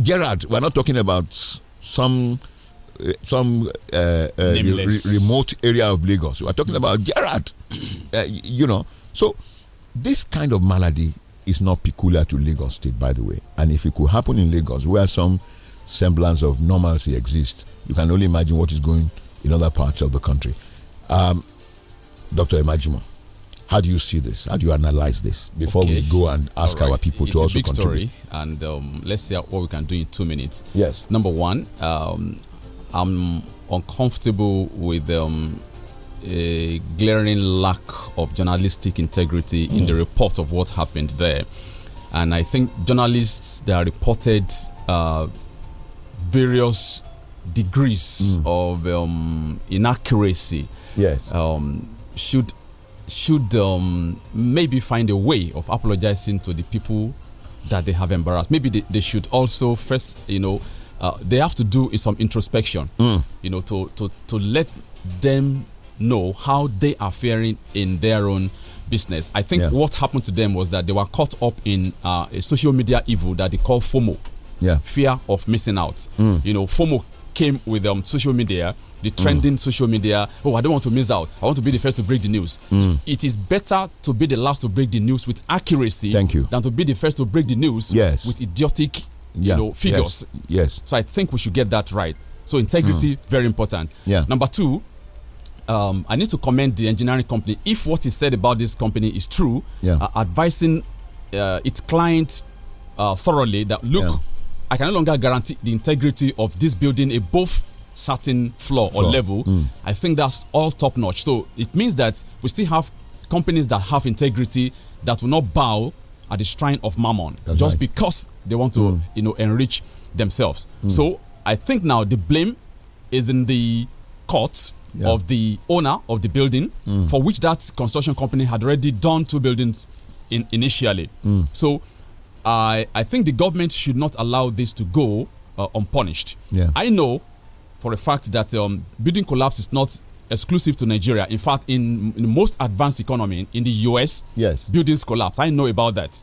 Gerard, we're not talking about some uh, some uh, uh, re remote area of Lagos. We're talking about Gerard, you know. So this kind of malady is not peculiar to Lagos State, by the way. And if it could happen in Lagos, where some semblance of normalcy exists, you can only imagine what is going in other parts of the country. Um, Dr. Imajima. How do you see this? How do you analyze this before okay. we go and ask right. our people it's to also contribute? and um, let's see what we can do in two minutes. Yes. Number one, um, I'm uncomfortable with um, a glaring lack of journalistic integrity mm. in the hmm. report of what happened there. And I think journalists that reported uh, various degrees mm. of um, inaccuracy yes. um, should should um, maybe find a way of apologizing to the people that they have embarrassed. Maybe they, they should also first, you know, uh, they have to do is some introspection, mm. you know, to, to, to let them know how they are faring in their own business. I think yeah. what happened to them was that they were caught up in uh, a social media evil that they call FOMO. Yeah. Fear of missing out. Mm. You know, FOMO came with um, social media, the trending mm. social media. Oh, I don't want to miss out. I want to be the first to break the news. Mm. It is better to be the last to break the news with accuracy Thank you. than to be the first to break the news yes. with idiotic yeah. you know, figures. Yes. yes. So I think we should get that right. So integrity, mm. very important. Yeah. Number two, um, I need to commend the engineering company. If what is said about this company is true, yeah. uh, advising uh, its client uh, thoroughly that look, yeah I can no longer guarantee the integrity of this building above certain floor, or level. Mm. I think that's all top notch. So it means that we still have companies that have integrity that will not bow at the shrine of Mammon that's just right. because they want to, mm. you know, enrich themselves. Mm. So I think now the blame is in the court yeah. of the owner of the building hmm. for which that construction company had already done two buildings in, initially. Hmm. So I, I think the government should not allow this to go uh, unpunished. Yeah. I know for a fact that um, building collapse is not exclusive to Nigeria. In fact, in, in the most advanced economy in the US, yes. buildings collapse. I know about that.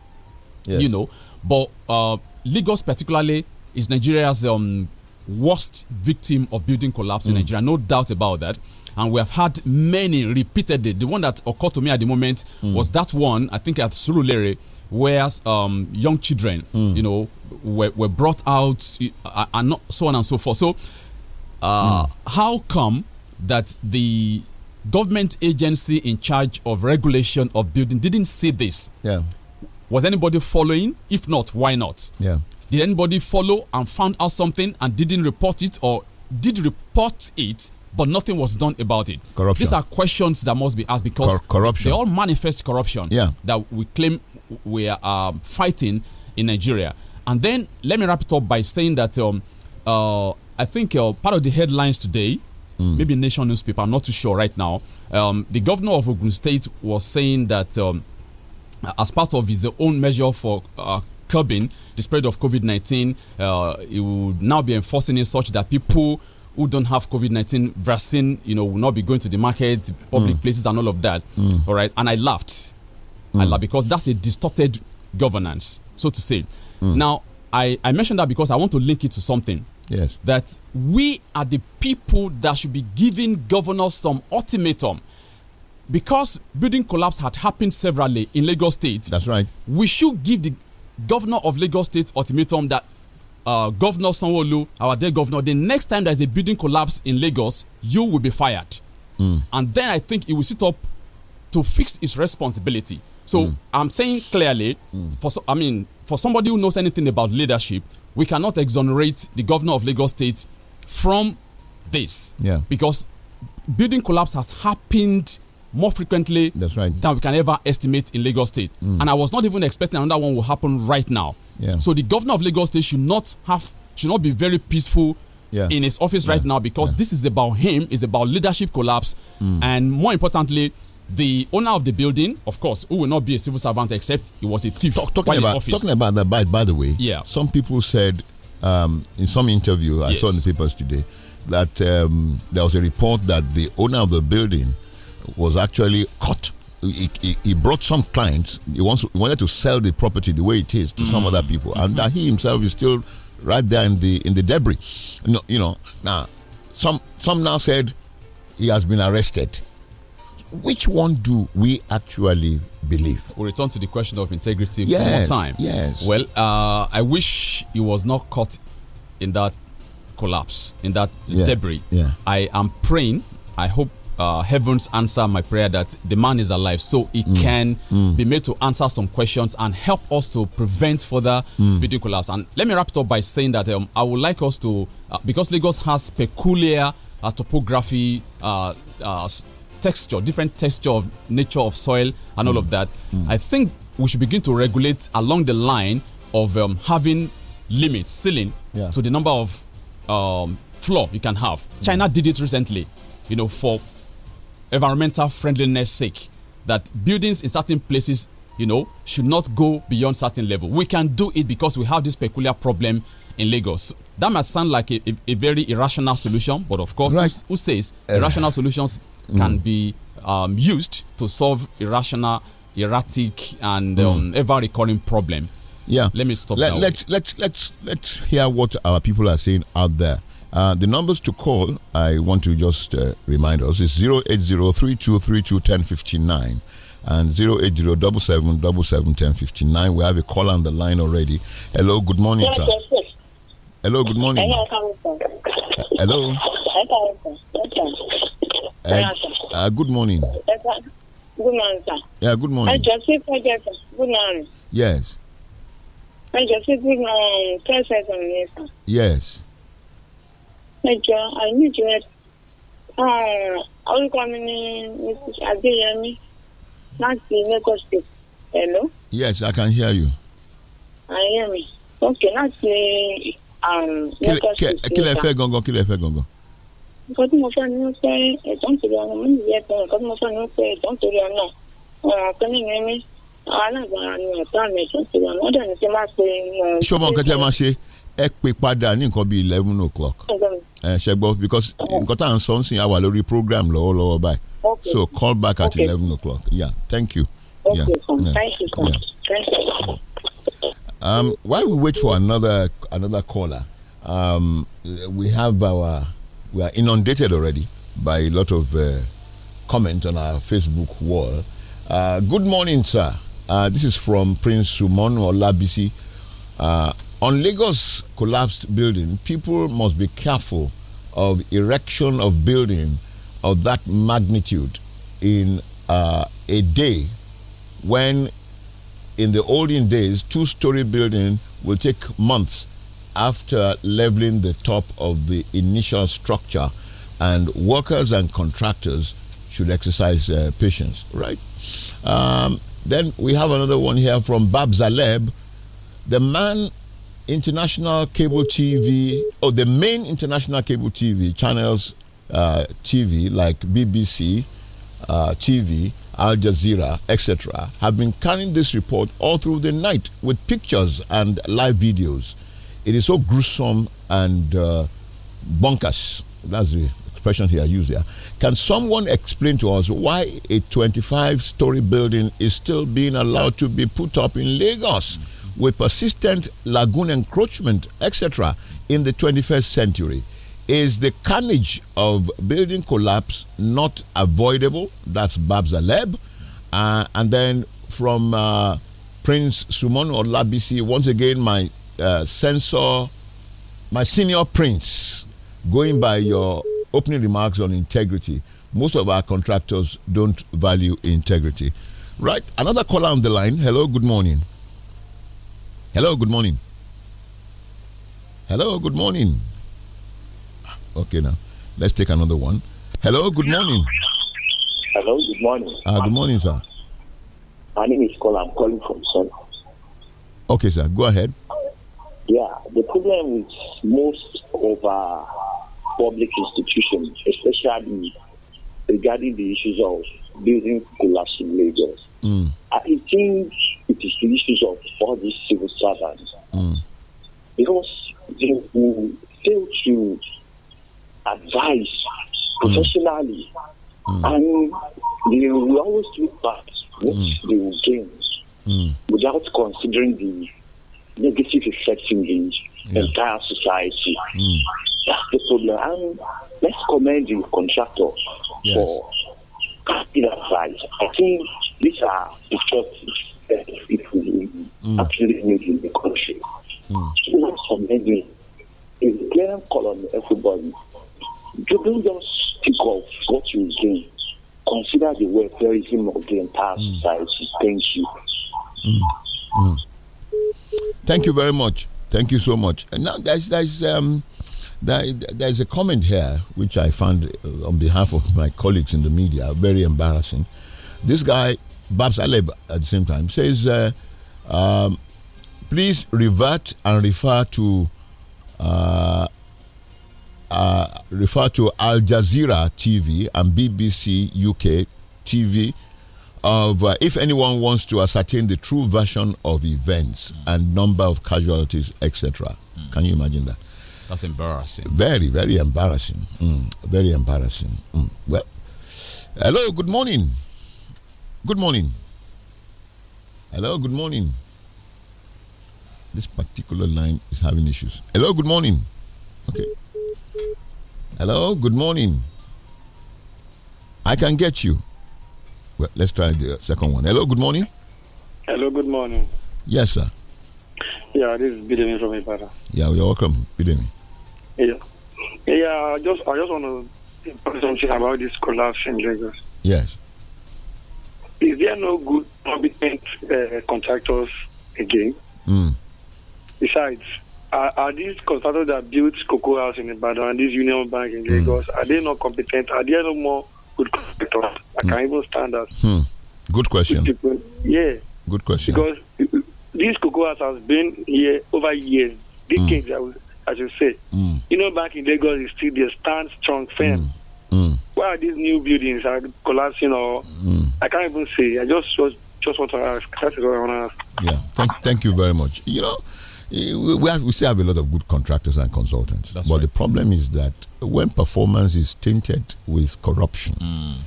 Yes. You know, but uh, Lagos particularly is Nigeria's um, worst victim of building collapse mm. in Nigeria. No doubt about that. And we have had many repeatedly. The one that occurred to me at the moment mm. was that one. I think at Surulere whereas um, young children, mm. you know, were, were brought out uh, and not so on and so forth. So, uh, mm. how come that the government agency in charge of regulation of building didn't see this? Yeah. Was anybody following? If not, why not? Yeah. Did anybody follow and found out something and didn't report it, or did report it but nothing was done about it. Corruption. These are questions that must be asked because Cor corruption. they all manifest corruption yeah. that we claim we are um, fighting in Nigeria. And then let me wrap it up by saying that um, uh, I think uh, part of the headlines today, mm. maybe Nation newspaper, I'm not too sure right now. Um, the governor of Ogun State was saying that um, as part of his own measure for uh, curbing the spread of COVID 19, uh, it would now be enforcing it such that people who don't have COVID 19 vaccine, you know, will not be going to the markets, public mm. places, and all of that. Mm. All right. And I laughed mm. because that's a distorted governance, so to say. Mm. Now, I, I mentioned that because I want to link it to something. Yes. That we are the people that should be giving governors some ultimatum. Because building collapse had happened severally in Lagos State. That's right. We should give the governor of Lagos State ultimatum that uh, Governor sanwo our dear governor, the next time there's a building collapse in Lagos, you will be fired. Mm. And then I think he will sit up to fix his responsibility. So mm. I'm saying clearly, mm. for I mean, for somebody who knows anything about leadership, we cannot exonerate the governor of Lagos State from this. Yeah. Because building collapse has happened more frequently That's right. than we can ever estimate in Lagos State. Mm. And I was not even expecting another one will happen right now. Yeah. So the governor of Lagos State should not have should not be very peaceful yeah. in his office yeah. right now because this is about him, it's about leadership collapse, mm. and more importantly, the owner of the building, of course, who will not be a civil servant except he was a thief. Talk, talking, about, talking about that, by, by the way, yeah. some people said um, in some interview I yes. saw in the papers today that um, there was a report that the owner of the building was actually caught. He, he, he brought some clients. He, wants, he wanted to sell the property the way it is to mm. some other people, and that mm-hmm. he himself is still right there in the in the debris. You know, you know now some some now said he has been arrested which one do we actually believe? we will return to the question of integrity yes, one more time. Yes. Well, uh, I wish he was not caught in that collapse, in that yeah, debris. Yeah. I am praying. I hope uh, heavens answer my prayer that the man is alive so he mm. can mm. be made to answer some questions and help us to prevent further mm. video collapse. And let me wrap it up by saying that um, I would like us to, uh, because Lagos has peculiar uh, topography, uh, uh, texture, different texture of nature of soil and all of mm. that. Mm. I think we should begin to regulate along the line of um, having limits, ceiling yeah. to the number of um, floor you can have. Mm. China did it recently, you know, for environmental friendliness sake, that buildings in certain places, you know, should not go beyond certain level. We can do it because we have this peculiar problem in Lagos. That might sound like a, a, a very irrational solution, but of course, right. who, who says uh. irrational solutions can mm. be um, used to solve irrational, erratic, and mm. um, ever recurring problem. Yeah. Let me stop Let, Let's, let's, let's, let's hear what our people are saying out there. Uh, the numbers to call, I want to just uh, remind us, is 08032321059 and 08077771059. We have a call on the line already. Hello, good morning, yes, sir. Yes, yes. Hello, good morning. Hello. Uh, uh, good morning. Good morning, sir. Yeah, good morning. I just see project. Good morning. Yes. I just see good morning. Process on yes, sir. Yes. I just I need you. Ah, uh, orúkọ mi ni Mrs. Adéyẹmí láti Lagos State. Hello. Yes, I can hear you. I hear me. Okay, láti um, Lagos State. Kí lẹ fẹ́ gangan? Kí lẹ fẹ́ gangan? nǹkan tí mo fẹ́ ni wọ́n fẹ́ ẹ̀tọ́ nítorí ọ̀nà mi nìyẹn kan nǹkan tí mo fẹ́ ni wọ́n fẹ́ ẹ̀tọ́ nítorí ọ̀nà ọ̀kan nínú ẹ̀mí alágbára ni ọ̀tá mi ẹ̀tọ́ nítorí ọ̀nà ọ̀dà ni ṣe máa pe. ṣé nǹkan tí ẹ máa ṣe ẹ pè padà ní nǹkan bíi eleven o'clock ẹ ṣe gbọ́ because nǹkan tá à ń sọ ń sìn àwà lórí program lọ́wọ́lọ́wọ́ báyìí so call back at eleven o'clock yeah thank you. Okay, Thank you, Thank you. Um, while we wait for another another caller, um, we have our we are inundated already by a lot of uh, comment on our Facebook wall. Uh, good morning, sir. Uh, this is from Prince Sumon Olabisi. Uh, on Lagos collapsed building, people must be careful of erection of building of that magnitude in uh, a day when in the olden days two-story building will take months after leveling the top of the initial structure, and workers and contractors should exercise uh, patience, right? Um, then we have another one here from Bab Zaleb. The man international cable TV, or oh, the main international cable TV channels, uh, TV like BBC, uh, TV, Al Jazeera, etc., have been carrying this report all through the night with pictures and live videos it is so gruesome and uh, bonkers. That's the expression he used there. Can someone explain to us why a 25 story building is still being allowed to be put up in Lagos with persistent lagoon encroachment, etc., in the 21st century? Is the carnage of building collapse not avoidable? That's Babs Aleb. Uh, and then from uh, Prince or Labisi. once again, my uh, censor my senior prince going by your opening remarks on integrity. Most of our contractors don't value integrity. Right, another caller on the line. Hello, good morning. Hello, good morning. Hello, good morning. Okay, now let's take another one. Hello, good morning. Hello, good morning. Uh, good morning, sir. My name is Colin. I'm calling from Sun. Okay, sir. Go ahead. Yeah, the problem with most of our public institutions, especially regarding the issues of building collapsing Lagos, mm. I think it is the issues of all these civil servants. Mm. Because they will fail to advise hmm. professionally mm. and they will always look back what hmm. they will gain hmm. without considering the negative reflecting in yeah. entire society. Mm. That's the problem. And let's commend the contractor yes. for asking advice. I think these are the choices people mm. actually made in the country. Mm. So let's commend him. In clear column everybody. You don't just think of what you gain. Consider the welfareism of the entire mm. society. Thank you. Mm. mm. Thank you very much. Thank you so much. And now there's there's um there, there's a comment here which I found uh, on behalf of my colleagues in the media very embarrassing. This guy Babs Aleb at the same time says, uh, um, please revert and refer to uh, uh, refer to Al Jazeera TV and BBC UK TV of uh, if anyone wants to ascertain the true version of events mm. and number of casualties, etc. Mm. Can you imagine that? That's embarrassing. Very, very embarrassing. Mm. Very embarrassing. Hmm. Well, hello, good morning. Good morning. Hello, good morning. This particular line is having issues. Hello, good morning. Okay. Hello, good morning. I can get you. Well, let's try the second one. Hello, good morning. Hello, good morning. Yes, sir. Yeah, this is Bidemi from Ibadan. Yeah, you're welcome, Bidemi. Yeah, yeah. I just I just want to put something about this collapse in Lagos. Yes. Is there no good competent uh, contractors again? Mm. Besides, are, are, these contractors that built Cocoa House in Ibadan and this Union Bank in mm. Lagos mm. are they not competent? Are there no more good collector I mm. can even stand as. Hmm. Good question. Yeah. Good question. Because this cocoa has been here over years, decades, mm. as you say. Mm. You know, back in Lagos, it's still they stand strong, firm. Mm. Why are these new buildings are collapsing or hmm. I can't even say. I just just want to ask. That's what I want to ask. Yeah, thank, thank you very much. You know, eh, we, have, we still have a lot of good contractors and consultants, That's but right. the problem is that when performance is tainted with corruption mm.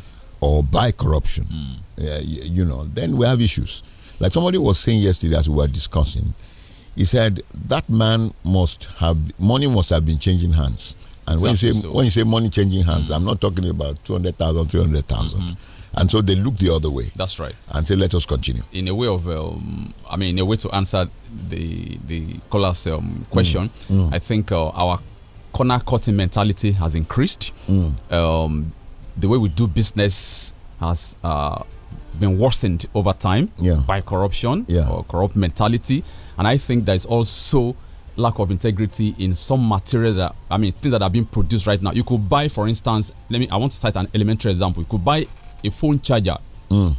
or by corruption, mm. uh, you know, then we have issues. Like somebody was saying yesterday as we were discussing, he said that man must have money must have been changing hands. And exactly when you say so. when you say money changing hands, mm. I'm not talking about 200,000, 300,000. -hmm. And so they look the other way. That's right. And say, let us continue. In a way of, um, I mean, in a way to answer the the caller's um, question, mm. Mm. I think uh, our corner cutting mentality has increased. Mm. Um, the way we do business has uh, been worsened over time yeah. by corruption yeah. or corrupt mentality. And I think there's also lack of integrity in some material that I mean things that are being produced right now. You could buy, for instance, let me I want to cite an elementary example. You could buy a phone charger mm.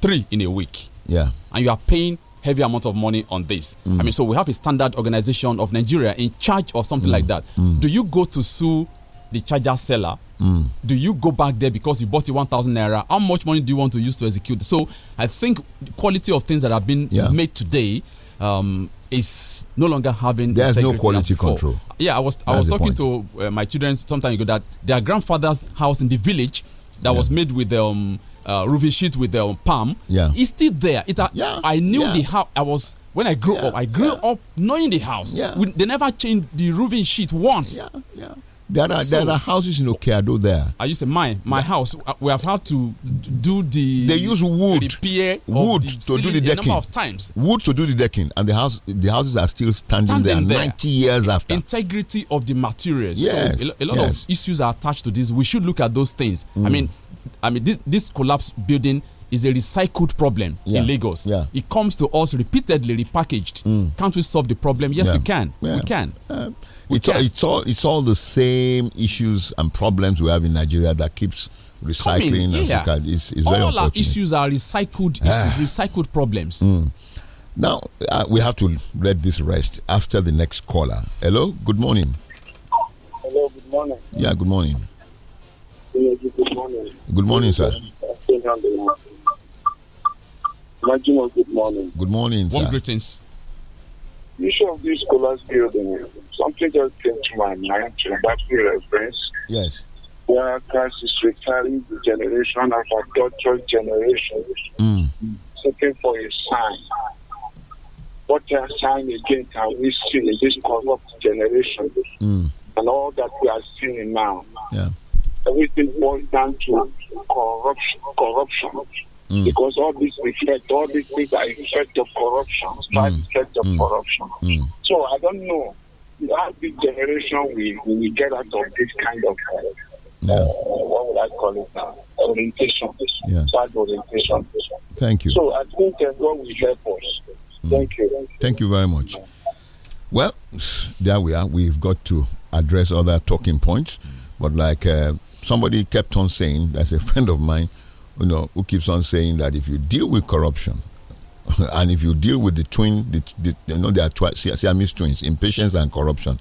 three in a week. Yeah. And you are paying heavy amount of money on this. Mm. I mean, so we have a standard organization of Nigeria in charge or something mm. like that. Mm. Do you go to sue the charger seller? Mm. Do you go back there because you bought the 1,000 naira? How much money do you want to use to execute? So I think quality of things that have been yeah. made today um, is no longer having. There's no quality control. Yeah, I was I was talking to uh, my children sometime ago that their grandfather's house in the village that yeah. was made with um uh, roofing sheet with the palm. Yeah, it's still there. It. Uh, yeah. I knew yeah. the house. I was when I grew yeah. up. I grew up knowing the house. Yeah. We, they never changed the roofing sheet once. Yeah. Yeah. There are so, there are houses in Okeado there. I used to my my yeah. house. Uh, we have had to do the they use wood repair wood to do the decking. number of times wood to do the decking, and the house the houses are still standing, standing there, there, ninety years after. Integrity of the materials. Yes, so a, a lot yes. of issues are attached to this. We should look at those things. Mm. I mean, I mean this this collapse building is a recycled problem yeah. in Lagos. Yeah. It comes to us repeatedly repackaged. Mm. Can't we solve the problem? Yes, yeah. we can. We can. Uh, we it's, can. All, it's all it's all the same issues and problems we have in Nigeria that keeps recycling. Coming, it's, it's all our issues are recycled ah. issues, recycled problems. Mm. Now uh, we have to let this rest after the next caller. Hello, good morning. Hello, good morning. Yeah, good morning. Good morning, sir. Rajima, good morning. Good morning, Warm greetings. The issue of this scholars building, something just came to my mind that reference. Yes. Where Christ is retiring the generation of our doctoral generation, mm. looking for a sign. What a sign again can we see in this corrupt generation mm. and all that we are seeing now? Yeah. Everything boils down to corruption. corruption Mm. Because all these reflect, all these things are effect of corruption, bad mm. effect of mm. corruption. Mm. So I don't know how big generation we we get out of this kind of uh, yeah. uh, what would I call it now? Orientation, yeah. child orientation. Thank you. So I think that God will help us. Mm. Thank you. Thank you very much. Well, there we are. We've got to address other talking points, but like uh, somebody kept on saying, that's a friend of mine you know, who keeps on saying that if you deal with corruption, and if you deal with the twin, the, the, you know, they are twi- Siamese twins, impatience and corruption,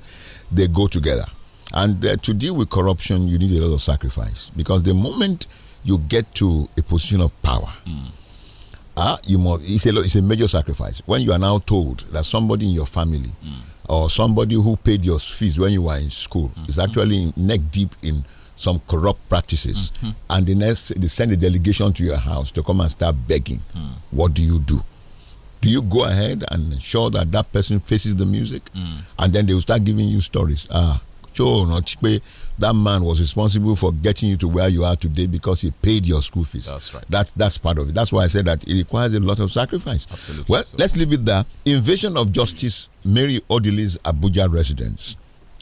they go together. And uh, to deal with corruption, you need a lot of sacrifice because the moment you get to a position of power, mm. Uh, you must. It's a, it's a major sacrifice when you are now told that somebody in your family mm. or somebody who paid your fees when you were in school mm -hmm. is actually neck deep in some corrupt practices, mm -hmm. and the next they send a delegation to your house to come and start begging. Mm. What do you do? Do you go ahead and ensure that that person faces the music, mm. and then they will start giving you stories? Ah, that man was responsible for getting you to where you are today because he paid your school fees. That's right. That's that's part of it. That's why I said that it requires a lot of sacrifice. Absolutely. Well, so. let's leave it there. Invasion of Justice Mary Odili's Abuja residence.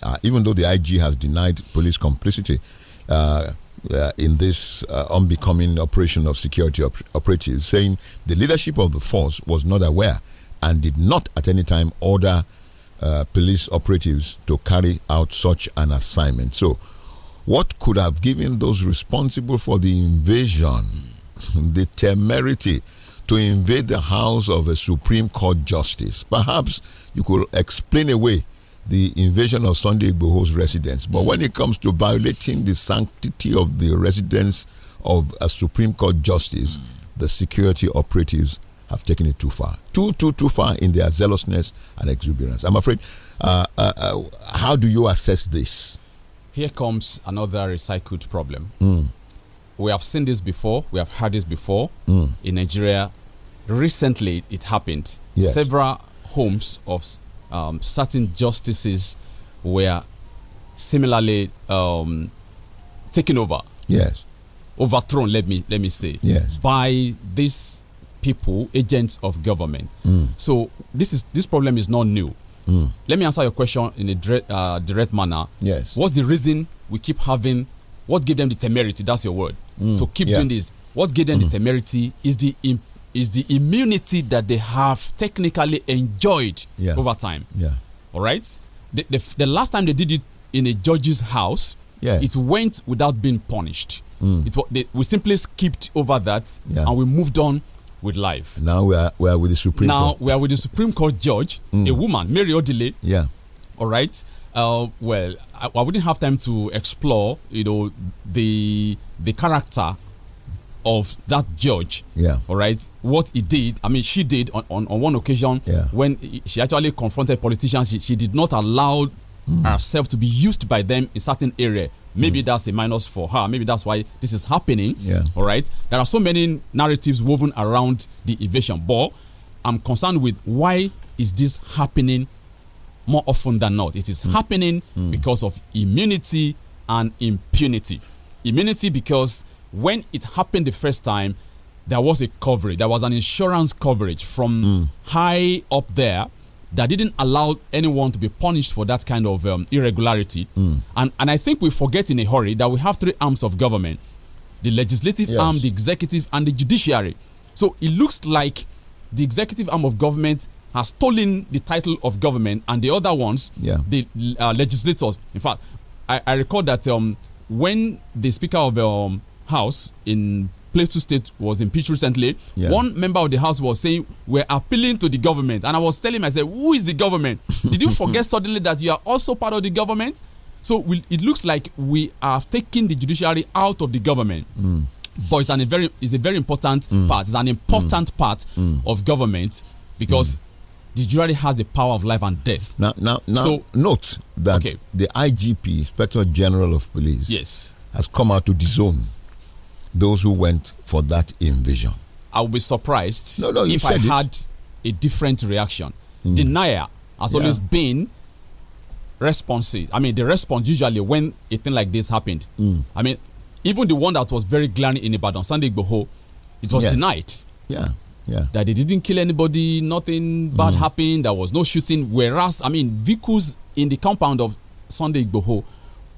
Uh, even though the IG has denied police complicity, uh, uh, in this uh, unbecoming operation of security op operatives, saying the leadership of the force was not aware and did not at any time order uh, police operatives to carry out such an assignment. So, what could have given those responsible for the invasion the temerity to invade the house of a Supreme Court justice? Perhaps you could explain away the invasion of Sunday Igboho's residence. But when it comes to violating the sanctity of the residence of a Supreme Court justice, mm. the security operatives have taken it too far. Too, too, too far in their zealousness and exuberance. I'm afraid, uh, uh, uh, how do you assess this? Here comes another recycled problem. Mm. We have seen this before, we have heard this before mm. in Nigeria. Recently, it happened. Yes. Several homes of um, certain justices were similarly um, taken over. Yes. Overthrown, let me let me say. Yes. By these people, agents of government. Mm. So this is this problem is not new. Mm. Let me answer your question in a direct, uh, direct manner. Yes. What's the reason we keep having? What gave them the temerity? That's your word. Mm. To keep yeah. doing this. What gave them the mm. temerity is the is the immunity that they have technically enjoyed yeah. over time. Yeah. All right. The, the, the, last time they did it in a judge's house, yeah. it went without being punished. Mm. It they, we simply skipped over that yeah. and we moved on with life. Now we are, we are with the Supreme. Now Court. we are with the Supreme Court judge, mm. a woman, Mary Odile. Yeah. All right. Uh, well, I, I wouldn't have time to explore, you know, the the character of that judge. Yeah. All right. What he did, I mean, she did on, on, on one occasion yeah. when she actually confronted politicians, she, she did not allow mm. herself to be used by them in certain area. Maybe mm. that's a minus for her. Maybe that's why this is happening. Yeah. All right. There are so many narratives woven around the evasion. But I'm concerned with why is this happening more often than not? It is mm. happening hmm. because of immunity and impunity. Immunity because when it happened the first time, there was a coverage, there was an insurance coverage from mm. high up there that didn't allow anyone to be punished for that kind of um, irregularity. Mm. And, and I think we forget in a hurry that we have three arms of government the legislative yes. arm, the executive, and the judiciary. So it looks like the executive arm of government has stolen the title of government, and the other ones, yeah. the uh, legislators. In fact, I, I recall that um, when the Speaker of um, House in Plateau State was impeached recently. Yeah. One member of the House was saying, We're appealing to the government. And I was telling myself, Who is the government? Did you forget suddenly that you are also part of the government? So we, it looks like we are taking the judiciary out of the government. Mm. But it's, an, very, it's a very important mm. part. It's an important mm. part mm. of government because mm. the judiciary has the power of life and death. Now, now, now so, note that okay. the IGP, Inspector General of Police, yes, has come out to disown those who went for that invasion. I would be surprised no, no, if I it. had a different reaction. Mm. has yeah. always been responsive. I mean, the response usually when a thing like this happened. Mm. I mean, even the one that was very glaring in Ibadan, Sunday Igboho, it was yes. denied. Yeah. Yeah. That they didn't kill anybody, nothing bad mm. happened, there was no shooting. Whereas, I mean, vehicles in the compound of Sunday Igboho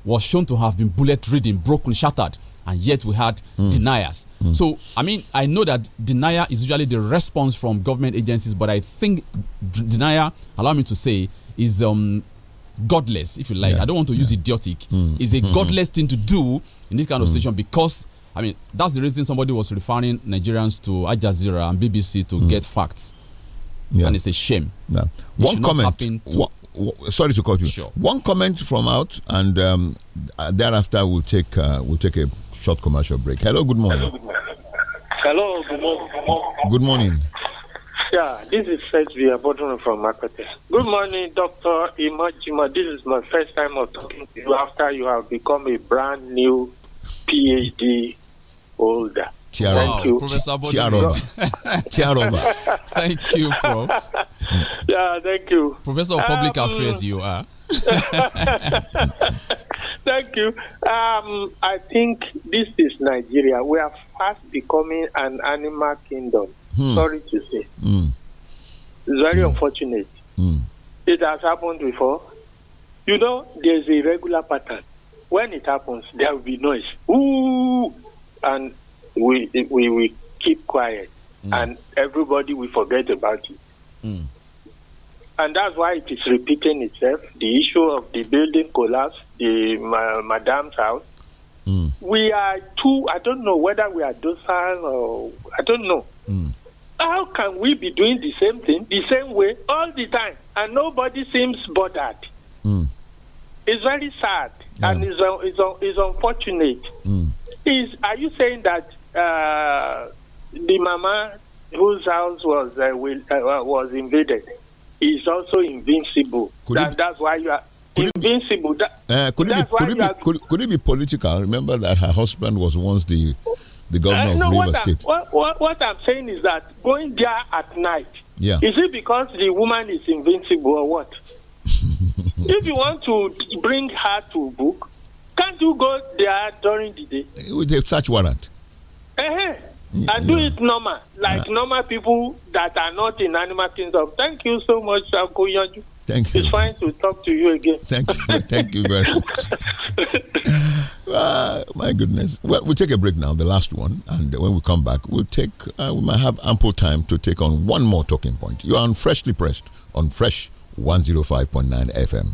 was shown to have been bullet ridden, broken, shattered and yet we had mm. deniers. Mm. So, I mean, I know that denier is usually the response from government agencies, but I think denier, allow me to say, is um, godless, if you like. Yeah. I don't want to yeah. use idiotic. Mm. It's a hmm. godless thing to do in this kind of hmm. situation because, I mean, that's the reason somebody was referring Nigerians to Al Jazeera and BBC to hmm. get facts. Yeah. And it's a shame. Yeah. One comment. To sorry to cut you. Sure. One comment from out, and um, thereafter we'll take uh, we'll take a short commercial break. Hello, good morning. Hello, good morning. Good morning. Yeah, this is Fesby Abodun from Makete. Good morning, Dr. Imajima. This is my first time of talking to you after you have become a brand new PhD holder. Thank you. Professor Chiaroma. Chiaroma. thank you, Prof. Yeah, thank you. Professor of Public um, Affairs, you are. thank you. Um, I think this is Nigeria. We are fast becoming an animal kingdom. Hmm. Sorry to say. Hmm. It's very hmm. unfortunate. Hmm. It has happened before. You know, there's a regular pattern. When it happens, there will be noise. Ooh! And we we, we keep quiet mm. and everybody will forget about it. Mm. And that's why it is repeating itself. The issue of the building collapse, the ma madam's house. Mm. We are too, I don't know whether we are docile or, I don't know. Mm. How can we be doing the same thing, the same way, all the time, and nobody seems bothered? Mm. It's very sad yeah. and it's, it's, it's unfortunate. Mm. Is, are you saying that uh, the mama whose house was uh, will, uh, was invaded is also invincible. Could that, be, that's why you are could invincible. Be, that, eh, could, it be, could, it are, could, could, it be, political? Remember that her husband was once the the uh, governor no, of Rivers State. What, what, what I'm saying is that going there at night. Yeah. Is it because the woman is invincible or what? if you want to bring her to book, can't you go there during the day? With a search warrant uh eh, Yeah. I do it normal, like uh, normal people that are not in animal kingdom. Thank you so much, Uncle Yonju. Thank you. It's fine to talk to you again. Thank you. Thank you very much. uh, my goodness. Well, we'll take a break now, the last one. And when we come back, we'll take, uh, we might have ample time to take on one more talking point. You are on Freshly Pressed on Fresh 105.9 FM.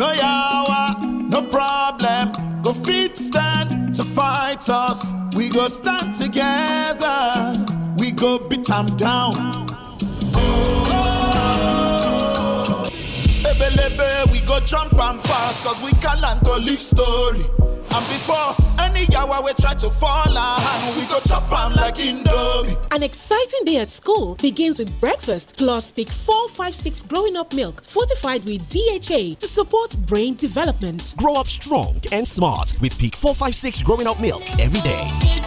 No yawa, no problem. Go feed stand to fight us. We go stand together. We go beat them down. and pass, cause we can live story. And before any yawa we try to fall we go chop like indomie. An exciting day at school begins with breakfast plus Peak 456 growing up milk fortified with DHA to support brain development. Grow up strong and smart with Peak 456 growing up milk every day.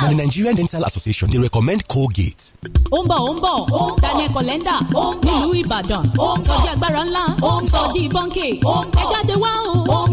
Now, the Nigerian Dental Association, they recommend Colgate. ó ń bọ̀ ó ń bọ̀ Daniel Kolenda nílùú Ìbàdàn sọjí agbára ńlá sọjí bọ́ńkì ẹ jáde wá o.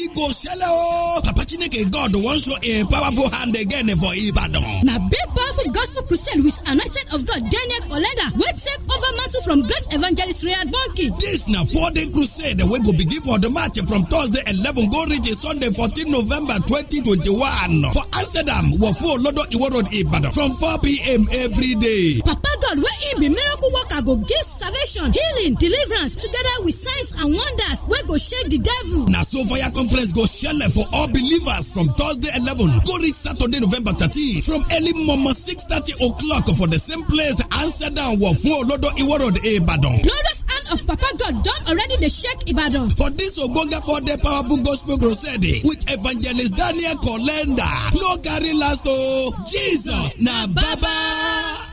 Igò ṣẹlẹ̀ o! Papa Chineke God wan show a powerful hand again for Ibadan. Na big powerful gospel crusade with anointing of God Daniel Kolenda wey take over mantle from great evangelist Riyad Bọ́ńkì. Dis na four-day crusade wey go begin for the march from Thursday eleven go reach Sunday fourteen November twenty twenty one for Amsterdam am Wafu Olodo Iwo Road Ibadan from 4 p.m. every day. Papa God wey im be miracle worker go give salvation, healing, deliverance together with signs and wonders wey go shake the devil. Na so fire conference go shele for all believers from Thursday 11 go reach Saturday November 13 from early momo 6:30 o'clock for the same place Answer down Wafu Olodo Iwo Road Ibadan. Glorious of Papa God done already the shake Ibadan. For this ogbonge for the powerful gospel crusade with evangelist Daniel Kolenda no carry last o, oh, Jesus na baba.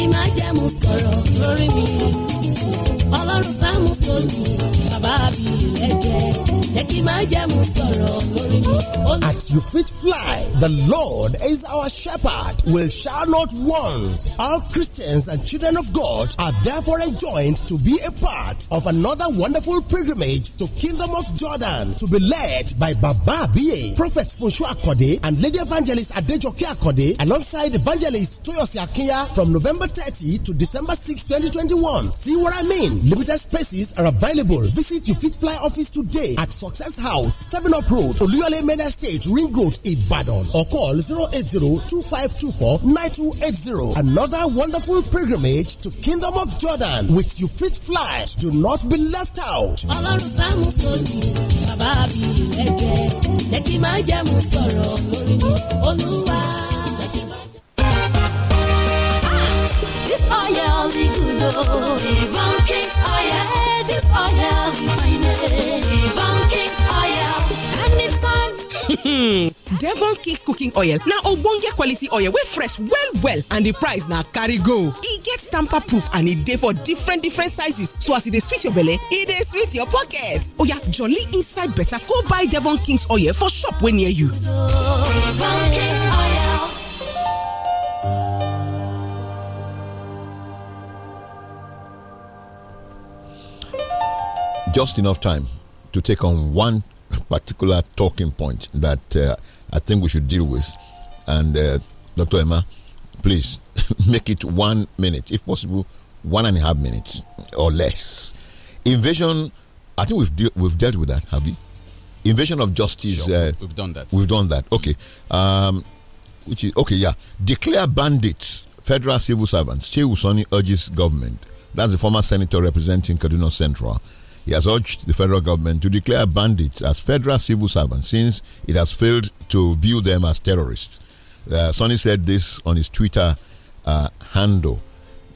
Jẹ́ máa jẹ́ mu sọ̀rọ̀ lórí mi, ọlọ́run sáà mú sómi, bàbá mi ilẹ̀ jẹ́. At your feet fly. The Lord is our shepherd. We shall not want. All Christians and children of God are therefore enjoined to be a part of another wonderful pilgrimage to Kingdom of Jordan to be led by Baba B.A. Prophet Funshu Akode and Lady Evangelist Adejoke Akode alongside Evangelist Toyosi Akia, from November 30 to December 6, 2021. See what I mean? Limited spaces are available. Visit your feet Fly office today at Success House, 7 Up Road, Oluyole Main Estate, Ring Road, Ibadan. Or call 080-2524-9280. Another wonderful pilgrimage to Kingdom of Jordan with you fit flash. Do not be left out. Ah! oil good, oh, King's oil. This oil we find. devon king's cooking oil na ogbonge quality oil We fresh well well and the price now carry go It gets tamper proof and it day for different different sizes so as it is dey sweet your belly, it is dey sweet your pocket Oh yeah, jolly inside better go buy devon king's oil for shop when near you just enough time to take on one particular talking point that uh, I think we should deal with. And uh, Dr. Emma, please make it one minute, if possible, one and a half minutes or less. Invasion, I think we've de we've dealt with that, have we? Invasion of justice. Sure, uh, we've done that. We've done that. Okay. Um, which is okay. Yeah. Declare bandits federal civil servants. Che Usoni urges government. That's the former senator representing Kaduna Central he has urged the federal government to declare bandits as federal civil servants since it has failed to view them as terrorists. Uh, Sonny said this on his Twitter uh, handle.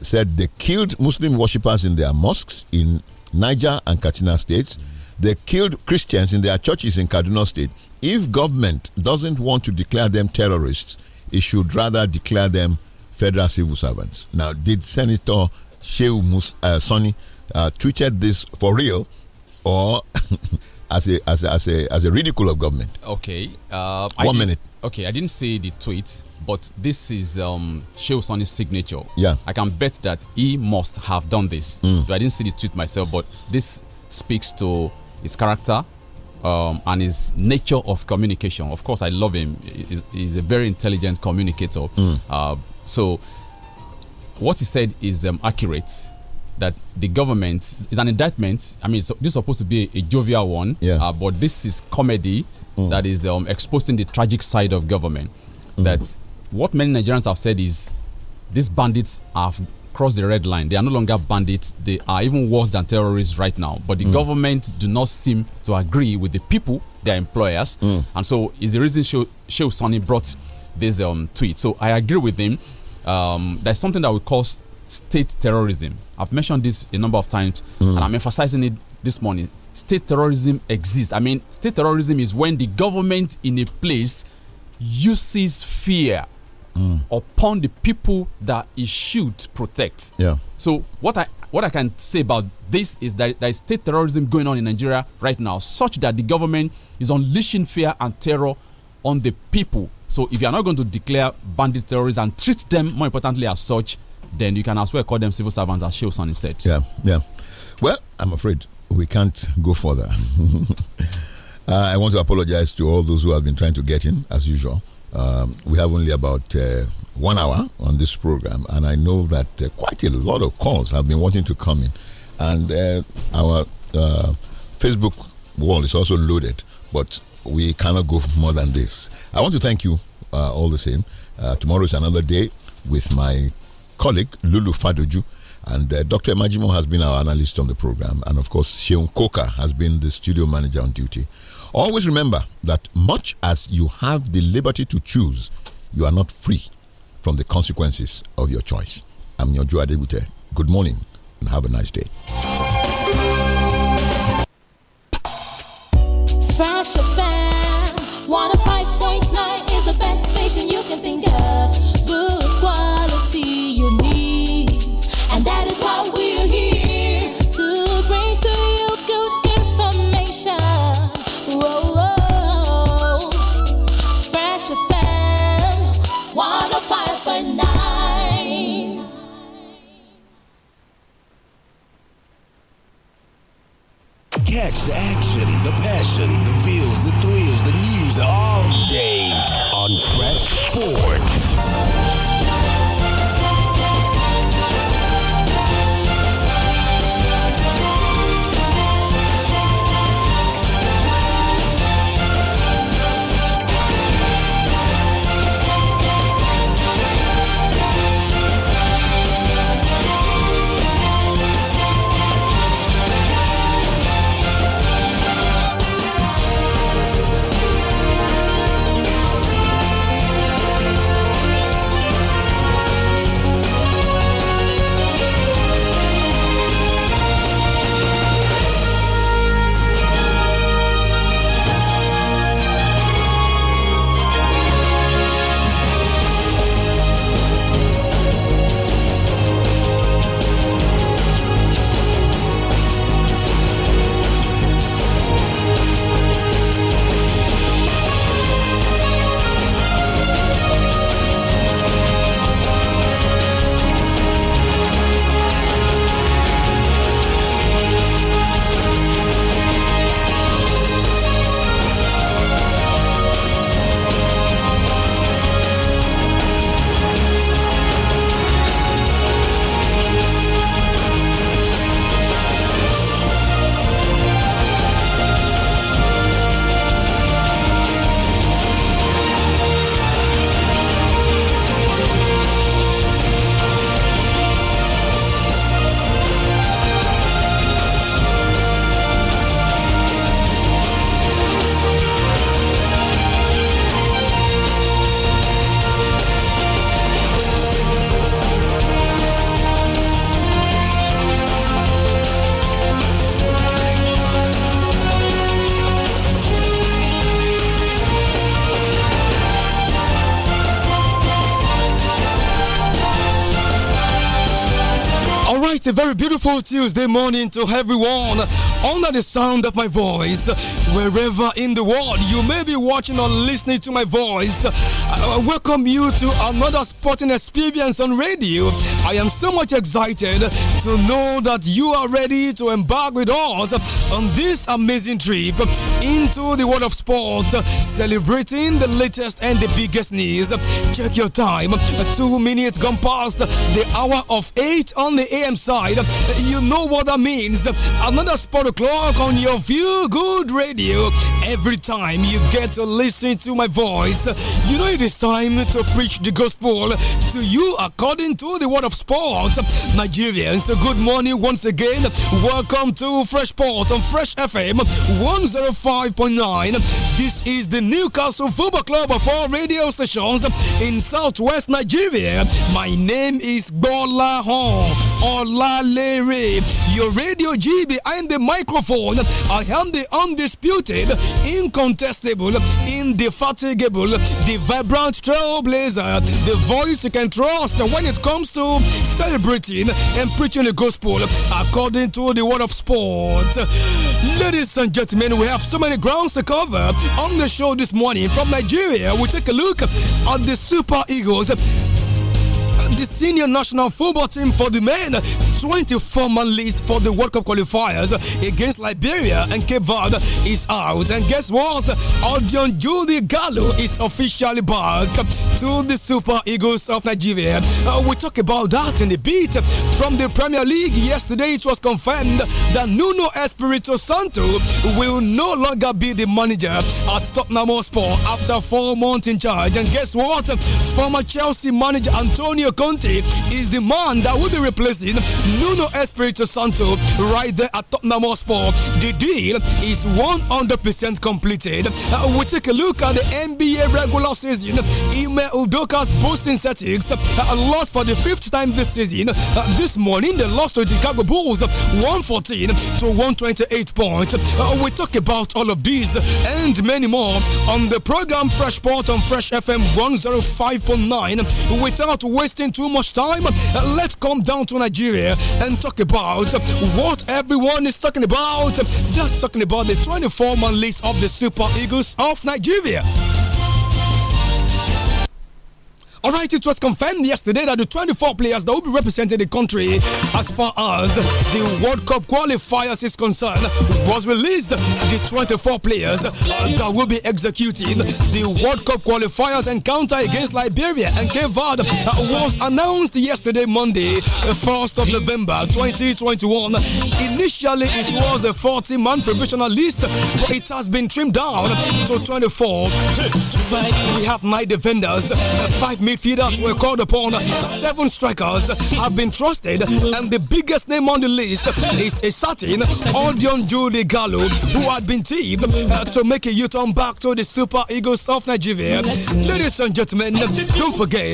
Said they killed Muslim worshippers in their mosques in Niger and Katsina states. They killed Christians in their churches in Kaduna state. If government doesn't want to declare them terrorists, it should rather declare them federal civil servants. Now, did Senator Shehu Mus uh, Sonny uh, treated this for real or as a as a, as a as a ridicule of government. Okay. Uh, One minute. Okay, I didn't see the tweet, but this is um Sheosani's signature. Yeah. I can bet that he must have done this. Mm. I didn't see the tweet myself, but this speaks to his character. Um, and his nature of communication. Of course, I love him. He's, he's a very intelligent communicator. Mm. Uh, so, what he said is um, accurate that the government is an indictment. I mean, so this is supposed to be a, a jovial one, yeah. uh, but this is comedy mm. that is um, exposing the tragic side of government. Mm. That what many Nigerians have said is these bandits have crossed the red line. They are no longer bandits. They are even worse than terrorists right now. But the mm. government do not seem to agree with the people, their employers, mm. and so is the reason Sheo, Sheo Sonny brought this um, tweet. So I agree with him. Um, there's something that will cause state terrorism. I've mentioned this a number of times, mm. and I'm emphasizing it this morning. State terrorism exists. I mean, state terrorism is when the government in a place uses fear mm. upon the people that it should protect. Yeah. So what I what I can say about this is that there is state terrorism going on in Nigeria right now, such that the government is unleashing fear and terror on the people. So if you are not going to declare bandit terrorists and treat them more importantly as such, then you can as well call them civil servants, as Shilson said. Yeah, yeah. Well, I'm afraid we can't go further. uh, I want to apologize to all those who have been trying to get in, as usual. Um, we have only about uh, one hour on this program, and I know that uh, quite a lot of calls have been wanting to come in, and uh, our uh, Facebook wall is also loaded, but we cannot go more than this. I want to thank you uh, all the same. tomorrow is another day with my colleague Lulu Fadoju. And uh, Dr. Emajimo has been our analyst on the program. And of course, Sheon Koka has been the studio manager on duty. Always remember that much as you have the liberty to choose, you are not free from the consequences of your choice. I'm Nyojo Adebute. Good morning and have a nice day. Fresh FM 105.9 is the best station you can think the action, the passion, the feels, the thrills, the news, the all day on Fresh Sports. beautiful Tuesday morning to everyone under the sound of my voice. Wherever in the world you may be watching or listening to my voice, I welcome you to another sporting experience on radio. I am so much excited to know that you are ready to embark with us on this amazing trip into the world of sport, celebrating the latest and the biggest news. Check your time. Two minutes gone past the hour of 8 on the AM side. You know what that means. Another sport o'clock on your Feel Good Radio. Every time you get to listen to my voice, you know it is time to preach the gospel to you according to the word of sport. Nigerians good morning once again. Welcome to Freshport on Fresh FM 105.9. This is the Newcastle Football Club of all radio stations in southwest Nigeria. My name is Bola Hon Olalere. Your radio GB, I am the microphone. I am the undisputed, incontestable, indefatigable, the vibrant trailblazer, the voice you can trust when it comes to celebrating and preaching the gospel according to the word of sport. Ladies and gentlemen, we have so many grounds to cover on the show this morning. From Nigeria, we take a look at the Super Eagles the senior national football team for the men 2024 man list for the World Cup qualifiers against Liberia and Cape Verde is out. And guess what? Audion Judy Gallo is officially back to the Super Eagles of Nigeria. Uh, we talk about that in a bit. From the Premier League yesterday, it was confirmed that Nuno Espirito Santo will no longer be the manager at Tottenham Hotspur after four months in charge. And guess what? Former Chelsea manager Antonio Conte is the man that will be replacing Nuno Espirito Santo right there at Tottenham Hotspur. The deal is 100% completed. Uh, we take a look at the NBA regular season. Ime Udoka's boosting statistics uh, lost for the fifth time this season. Uh, this morning they lost to the Chicago Bulls 114 to 128 points. Uh, we talk about all of these and many more on the program Fresh Port on Fresh FM 105.9. Without wasting too much time, uh, let's come down to Nigeria and talk about what everyone is talking about. Just talking about the 24 man list of the Super Eagles of Nigeria. All right, it was confirmed yesterday that the 24 players that will be representing the country as far as the World Cup qualifiers is concerned was released. The 24 players that will be executing the World Cup qualifiers encounter against Liberia and Cape Verde uh, was announced yesterday, Monday, 1st uh, of November 2021. Initially, it was a 40 man provisional list, but it has been trimmed down to 24. We have nine defenders, uh, five midfielders were called upon. Seven strikers have been trusted, and the biggest name on the list is a certain Odion Jude Gallo, who had been tipped uh, to make a U-turn back to the Super Eagles of Nigeria. Ladies and gentlemen, don't forget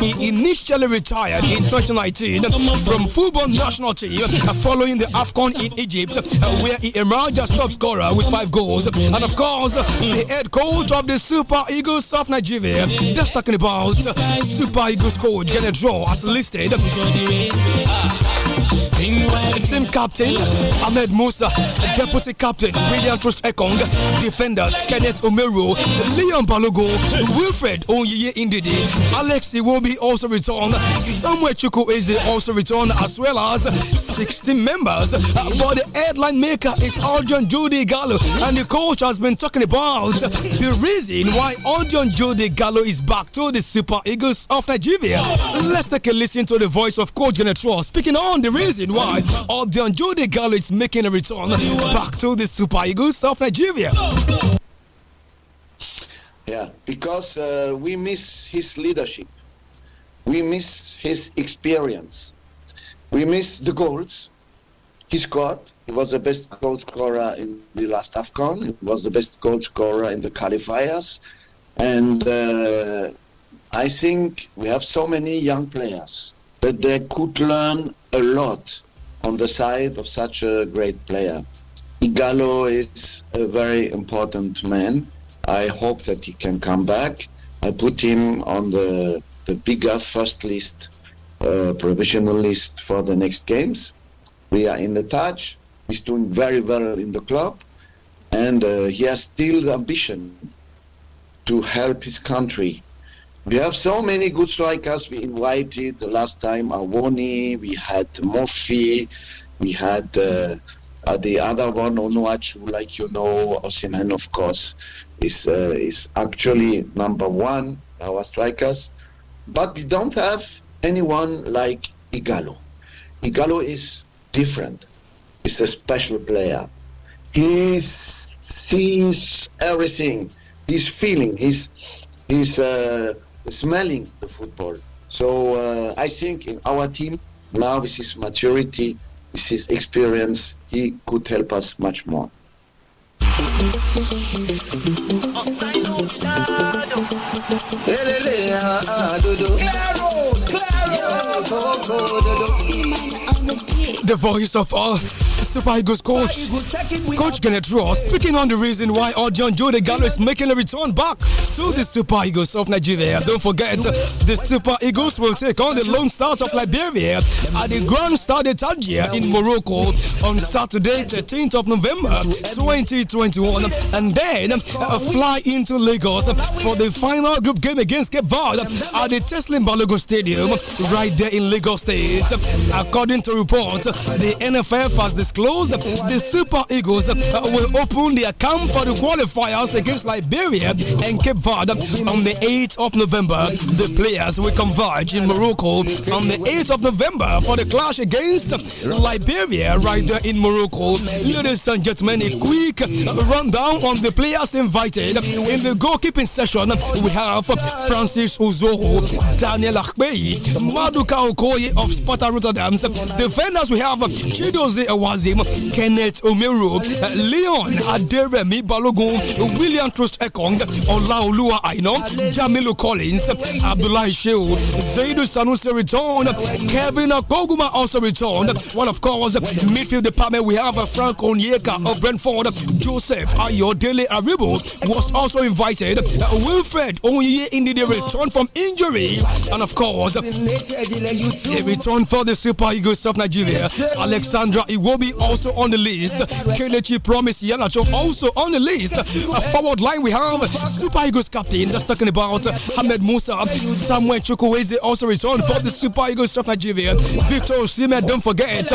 he initially retired in 2019 from football national team uh, following the AFCON in Egypt, uh, where he emerged as top scorer with five goals, and of course the head coach of the Super Eagles of Nigeria. That's talking about Super Eagles scored Janet Draw as listed. Ah team captain, Ahmed Musa. Deputy captain, William Trust Ekong. Defenders, Kenneth Omero, Leon Balogo, Wilfred Onyiye Indidi, Alex Iwobi also returned. Samuel is also returned, as well as 16 members. But the headline maker is Aljon Judy Gallo, and the coach has been talking about the reason why Aljon Judy Gallo is back to the Super Eagles of Nigeria. Let's take a listen to the voice of Coach Genetrol speaking on the the reason why the De Gallo is making a return back to the Super Eagles of Nigeria. Yeah, because uh, we miss his leadership. We miss his experience. We miss the goals he scored. He was the best goal scorer in the last AFCON. He was the best goal scorer in the qualifiers. And uh, I think we have so many young players that they could learn a lot on the side of such a great player. Igalo is a very important man. I hope that he can come back. I put him on the the bigger first list, uh, provisional list for the next games. We are in the touch. He's doing very well in the club, and uh, he has still the ambition to help his country we have so many good strikers. We invited the last time Awoni, we had Murphy, we had uh, uh, the other one, Onuachu, like you know, Osiman, of course, is, uh, is actually number one, our strikers. But we don't have anyone like Igalo. Igalo is different. He's a special player. He sees everything. He's feeling. He's, he's uh, smelling the football. So uh, I think in our team now with his maturity, with his experience, he could help us much more. Ah, ah, claro, claro. The voice of all Super Eagles coach, Coach Kenneth Ross, speaking on the reason why John Jude Gallo is making a return back to the Super Eagles of Nigeria. Don't forget, the Super Eagles will take on the Lone Stars of Liberia at the Grand Stade Tangier in Morocco on Saturday, 13th of November 2021, and then uh, fly into Lagos for the final group game against Cape Verde at the Teslim Balogun Stadium right there in Lagos State. According to report, the NFF has disclosed the Super Eagles will open their camp for the qualifiers against Liberia and Cape Verde on the 8th of November. The players will converge in Morocco on the 8th of November for the clash against Liberia right there in Morocco. Ladies and gentlemen, a quick rundown on the players invited. In the goalkeeping session, we have Francis Uzoho, Daniel Akbei, Maduka Okoye of Sparta Rotterdam, the Defenders we have Chidoze uh, Awazim, uh, Kenneth Omeru, uh, Leon Aderemi Balogun, William Trust Ekong, Olaoluwa Aino, Jamilu Collins, Abdullah Shehu, Zaidu Sanusi returned, Kevin Koguma also returned. Well, of course, midfield department we have Frank Onyeka of Brentford, Joseph Ayodele Aribo was also invited. Wilfred Onye indeed returned from injury, and of course, a return for the Super Eagles of Nigeria. Alexandra Iwobi also on the list. Kelechi Promise Yanacho also on the list. A forward line we have Super Eagles captain. That's talking about Ahmed Musa. Samuel Chukwueze also is on for the Super Eagles of Nigeria. Victor Osimhen, don't forget,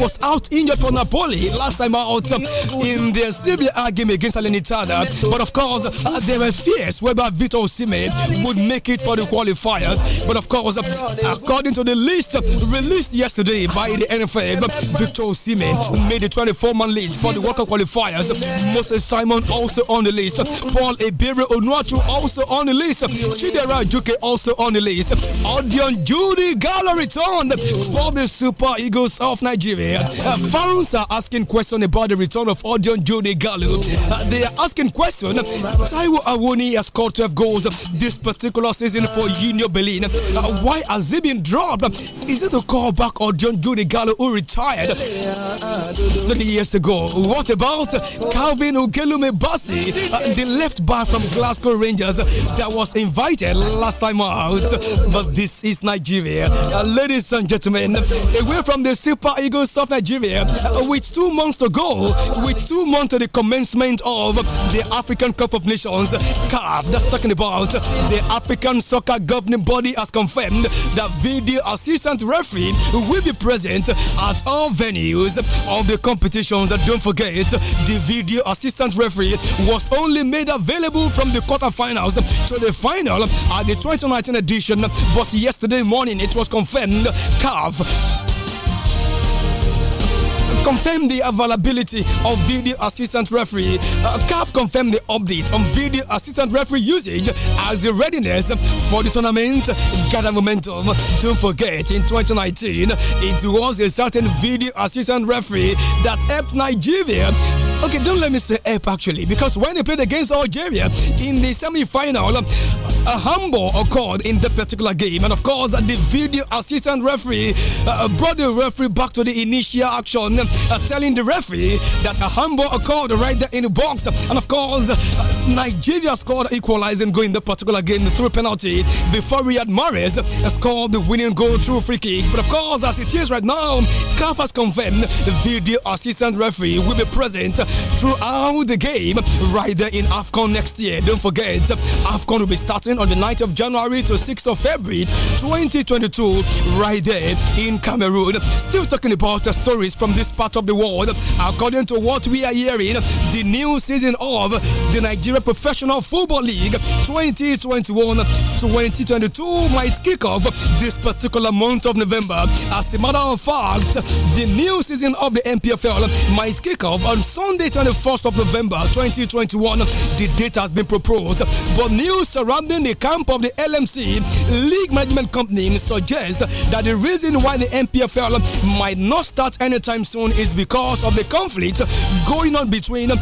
was out injured for Napoli last time out in the CBA game against Alenitana. But of course, uh, there were fears whether Victor Osimhen would make it for the qualifiers. But of course, uh, according to the list released yesterday by by the NFF, Victor Osimhen made the 24-man list for the World Cup qualifiers. Moses Simon also on the list. Paul Ebere Onuachu also on the list. Chidera Juke also on the list. Audion Judy Gala returned for the Super Eagles of Nigeria. fans are asking questions about the return of Audion Judy Gallo. they are asking questions. Taiwo Awoni has scored 12 goals this particular season for Union Berlin. why has he been dropped? Is it a call back John Godigalo, who retired thirty years ago. What about Calvin Ogelume Bassi, uh, the left back from Glasgow Rangers that was invited last time out? But this is Nigeria. Uh, ladies and gentlemen, away from the Super Eagles of Nigeria, uh, with two months to go, with two months to the commencement of the African Cup of Nations, CAF, that's talking about the African Soccer Governing Body has confirmed that video assistant referee will be present present at all venues of the competitions. and Don't forget, the video assistant referee was only made available from the quarterfinals to the final at the 2019 edition, but yesterday morning it was confirmed. Calf Confirm the availability of video assistant referee. Uh, CAF confirmed the update on video assistant referee usage as the readiness for the tournament gather momentum. Don't forget, in 2019, it was a certain video assistant referee that helped Nigeria Okay, don't let me say help actually, because when they played against Algeria in the semi final, a humble occurred in the particular game. And of course, the video assistant referee uh, brought the referee back to the initial action, uh, telling the referee that a humble occurred right there in the box. And of course, uh, Nigeria scored equalizing goal in the particular game through penalty before Riyad Mahrez uh, scored the winning goal through free kick. But of course, as it is right now, CAF has confirmed the video assistant referee will be present throughout the game right there in AFCON next year. Don't forget, AFCON will be starting happening on the 9th of January to 6th of February 2022, right there in Cameroon. Still talking about the stories from this part of the world. According to what we are hearing, the new season of the Nigeria Professional Football League 2021 2022 might kick off this particular month of November. As a matter of fact, the new season of the MPFL might kick off on Sunday, 21st of November 2021. The date has been proposed, but news surrounding in the camp of the LMC, League Management Company suggests that the reason why the MPFL might not start anytime soon is because of the conflict going on between the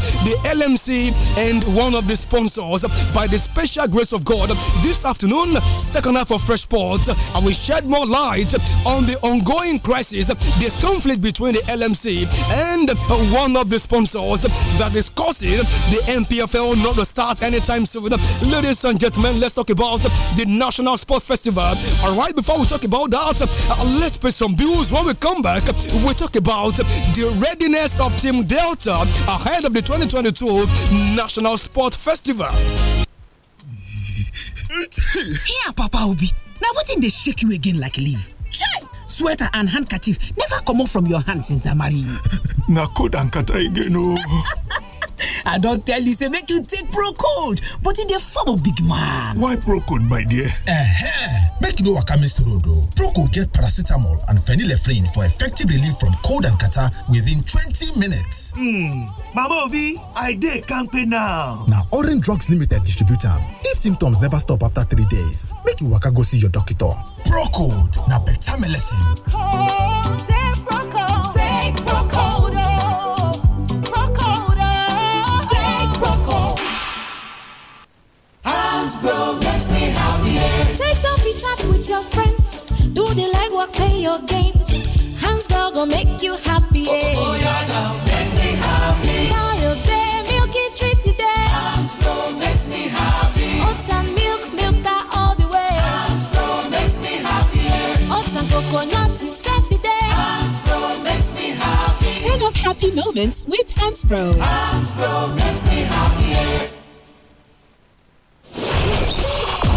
LMC and one of the sponsors. By the special grace of God, this afternoon, second half of Fresh Sports, I will shed more light on the ongoing crisis, the conflict between the LMC and one of the sponsors that is causing the MPFL not to start anytime soon. Ladies and gentlemen, let's let's talk about the National Sports Festival. All right, before we talk about that, uh, let's pay some bills. When we come back, we talk about the readiness of Team Delta ahead of the 2022 National Sport Festival. Here, Papa Obi. Now, what in they shake you again like leave? Chai! Sweater and handkerchief never come off from your hands since I married you. Nakud and kata again, oh. i don't tell you say make you take Procode, but e dey form of big man why Procode, my dear eh make you know what miss road o oh. pro get paracetamol and phenylephrine for effective relief from cold and catarrh within 20 minutes hmm mama obi i dey kampe now Now orange drugs limited Distributor. if symptoms never stop after three days make you waka go see your doctor Procode, now na beta melecine Take some pictures with your friends. Do the legwork, play your games. Hansburg will make you happy. Eh? Oh, oh, yeah, now make me happy. Father's Day, milky treat today. Hansburg makes me happy. Oats and milk, milk that all the way. Hansburg makes me happy. Oats and coconut is every day. Hansburg makes me happy. Turn up happy moments with Hansbro. Hansbro makes me happy.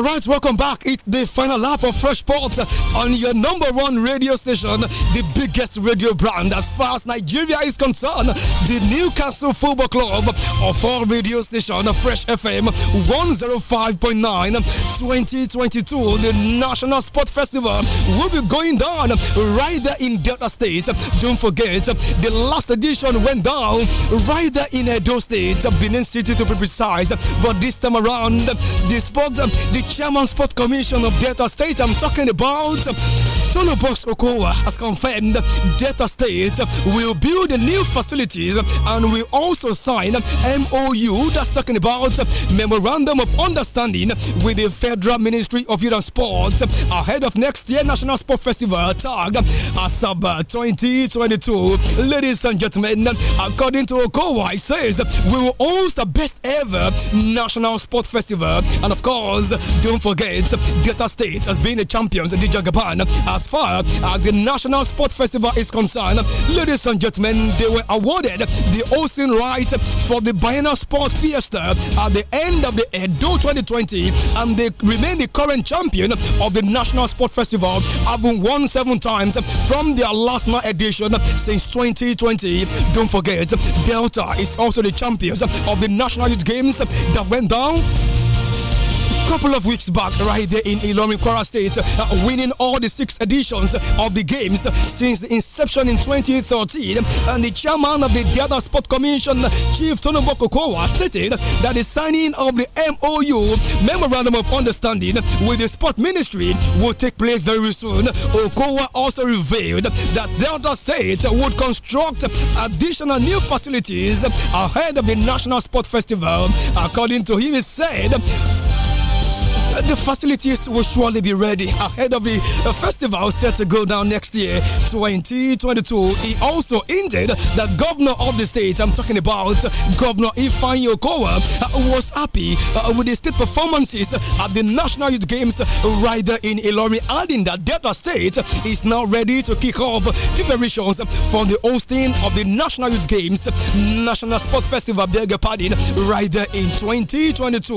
All right, welcome back. It's the final lap of Fresh Port on your number one radio station, the biggest radio brand as far as Nigeria is concerned. The Newcastle Football Club of all radio station, Fresh FM 105.9 2022. The National Sport Festival will be going down right there in Delta State. Don't forget, the last edition went down right there in Edo State, Benin City to be precise. But this time around, the sport, the Chairman Sports Commission of Delta State. I'm talking about Solo Box Okowa has confirmed Delta State will build new facilities and will also sign MOU that's talking about Memorandum of Understanding with the Federal Ministry of Youth and Sports ahead of next year National Sport Festival tagged Asaba 2022. Ladies and gentlemen, according to Okowa, he says we will host the best ever National Sport Festival and of course don't forget, Delta State has been the champions in the Japan as far as the National Sport Festival is concerned. Ladies and gentlemen, they were awarded the hosting right for the Biennial Sport Fiesta at the end of the Edo 2020, and they remain the current champion of the National Sport Festival, having won seven times from their last night edition since 2020. Don't forget, Delta is also the champions of the National Youth Games that went down couple of weeks back, right there in Ilomi, Kwara State, uh, winning all the six editions of the games since the inception in 2013. And the chairman of the Delta Sport Commission, Chief Tonobo Kokowa, stated that the signing of the MOU, Memorandum of Understanding, with the Sport Ministry will take place very soon. Okowa also revealed that Delta State would construct additional new facilities ahead of the National Sport Festival. According to him, he said, uh, the facilities will surely be ready ahead of the uh, festival set to go down next year, 2022. He also hinted that governor of the state, I'm talking about Governor Ifan Yokowa, uh, was happy with the state performances at the National Youth Games rider in Ilori, adding that Delta State is now ready to kick off preparations for the hosting of the National Youth Games National Sport Festival, beg your rider in 2022.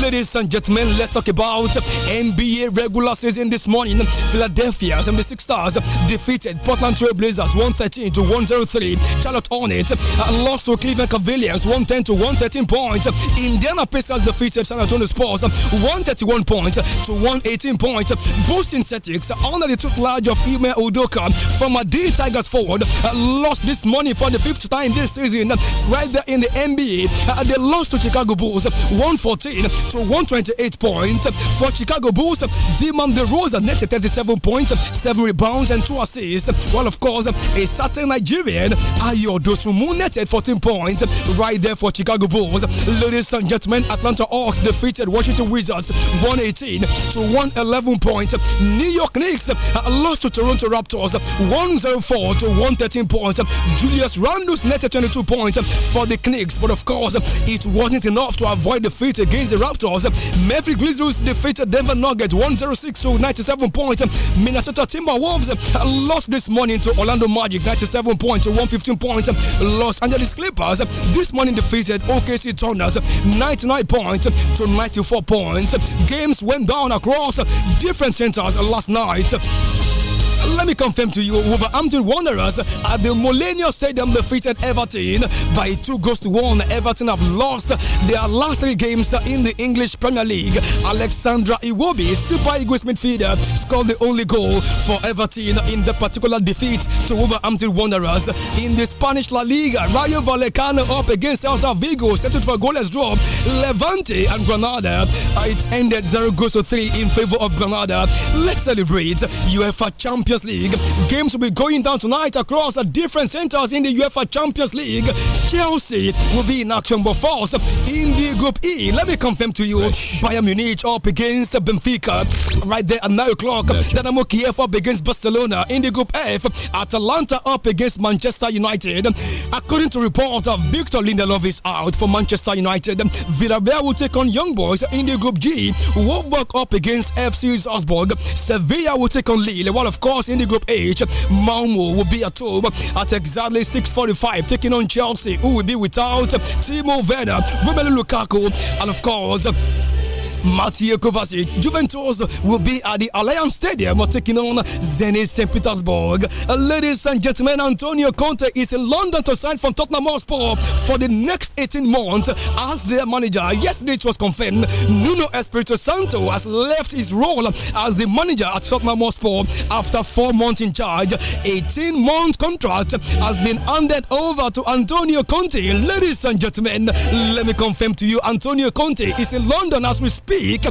Ladies and gentlemen, let's talk about about NBA regular season this morning. Philadelphia 76ers defeated Portland Trail Blazers 113 to 103. Charlotte Hornets uh, lost to Cleveland Cavaliers 110 to 113 points. Indiana Pacers defeated San Antonio Spurs 131 points to 118 points. Boston Celtics under the took large of Ime Udoka from a D Tigers forward uh, lost this morning for the fifth time this season right there in the NBA. Uh, they lost to Chicago Bulls 114 to 128 points. For Chicago Bulls, Demon DeRozan netted 37 points, 7 rebounds, and 2 assists. While, of course, a certain Nigerian, Ayo Dosumu, netted 14 points right there for Chicago Bulls. Ladies and gentlemen, Atlanta Hawks defeated Washington Wizards 118 to 111 points. New York Knicks uh, lost to Toronto Raptors 104 to 113 points. Julius Randus netted 22 points for the Knicks, but of course, it wasn't enough to avoid defeat against the Raptors. Memphis Grizzlies Eagles defeated Denver Nuggets 106 to 97 points. Minnesota Timberwolves lost this morning to Orlando Magic 97 points to 115 points. Los Angeles Clippers this morning defeated OKC Thunder 99 points to 94 points. Games went down across different centers last night. Let me confirm to you, Wolverhampton Wanderers at the Millennium Stadium defeated Everton by two goals to one. Everton have lost their last three games in the English Premier League. Alexandra Iwobi, Super Eagles midfielder, scored the only goal for Everton in the particular defeat to Wolverhampton Wanderers. In the Spanish La Liga, Rayo Vallecano up against Celta Vigo, settled for a goalless draw. Levante and Granada, it ended 0 goals to 3 in favor of Granada. Let's celebrate UEFA Champions Champions League. Games will be going down tonight across different centres in the UEFA Champions League. Chelsea will be in action, but first in the Group E. Let me confirm to you, Fresh. Bayern Munich up against Benfica right there at 9 o'clock. Dynamo Kiev up against Barcelona in the Group F. Atalanta up against Manchester United. According to report, Victor Lindelof is out for Manchester United. Villarreal will take on Young Boys in the Group G. Wolfsburg up against FC Salzburg. Sevilla will take on Lille. Well, of course course, in the Group H, Malmo will be at home at exactly 6.45, taking on Chelsea, who will be without Timo Werner, Romelu Lukaku, and of course... Mathieu Kovacic. Juventus will be at the Alliance Stadium taking on Zenit St. Petersburg. Ladies and gentlemen, Antonio Conte is in London to sign from Tottenham Hotspur for the next 18 months as their manager. Yesterday it was confirmed Nuno Espirito Santo has left his role as the manager at Tottenham Hotspur after four months in charge. 18 month contract has been handed over to Antonio Conte. Ladies and gentlemen, let me confirm to you Antonio Conte is in London as we speak speak,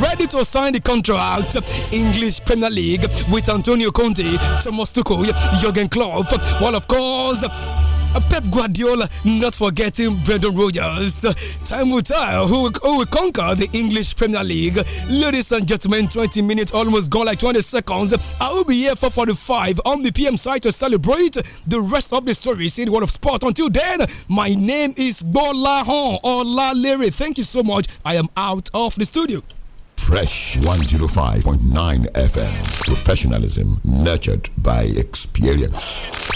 ready to sign the contract. English Premier League with Antonio Conte, Thomas Tuchel, Jurgen Klopp. Well, of course. Pep Guardiola not forgetting Brendan Rodgers. Time will tell who, who will conquer the English Premier League. Ladies and gentlemen, 20 minutes almost gone, like 20 seconds. I will be here for 45 on the PM side to celebrate the rest of the stories in the world of sport. Until then, my name is Bola Hon Leary. Thank you so much. I am out of the studio. Fresh 105.9 FM. Professionalism nurtured by experience.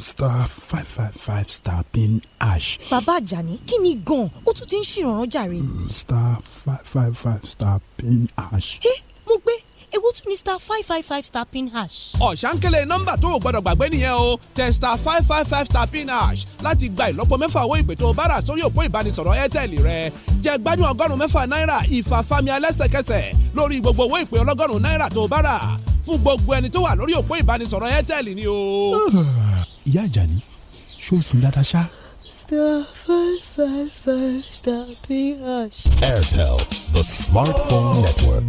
star five five five star pin hash. bàbá àjàní kí ni gan-an ó tún ti ń ṣèrànràn jàre. star five five five star pin hash. ẹ mo gbé ewu tún ní star five five five star pin hash. ọ̀sánkélé nọ́mbà tó o gbọ́dọ̀ gbàgbé nìyẹn o tẹ star five five five star pin hash láti gba ìlọ́po mẹ́fà owó ìpè tó o bá rà sórí òpó ìbánisọ̀rọ̀ airtel rẹ jẹ gbádùn ọgọ́rùn-ún mẹ́fà náírà ìfàfàmì alẹ́sẹ̀kẹsẹ̀ lórí gbogbo owó ìpè ọlọ́gọ́rùn-ún náírà tó o bá rà fún gbogbo ẹni tó wà lórí òpó ìbánisọ̀rọ̀ airtel ni o. ìyá àjàní ṣó sùn dáadáa ṣá. star five five five star ph. airtel the smartphone network.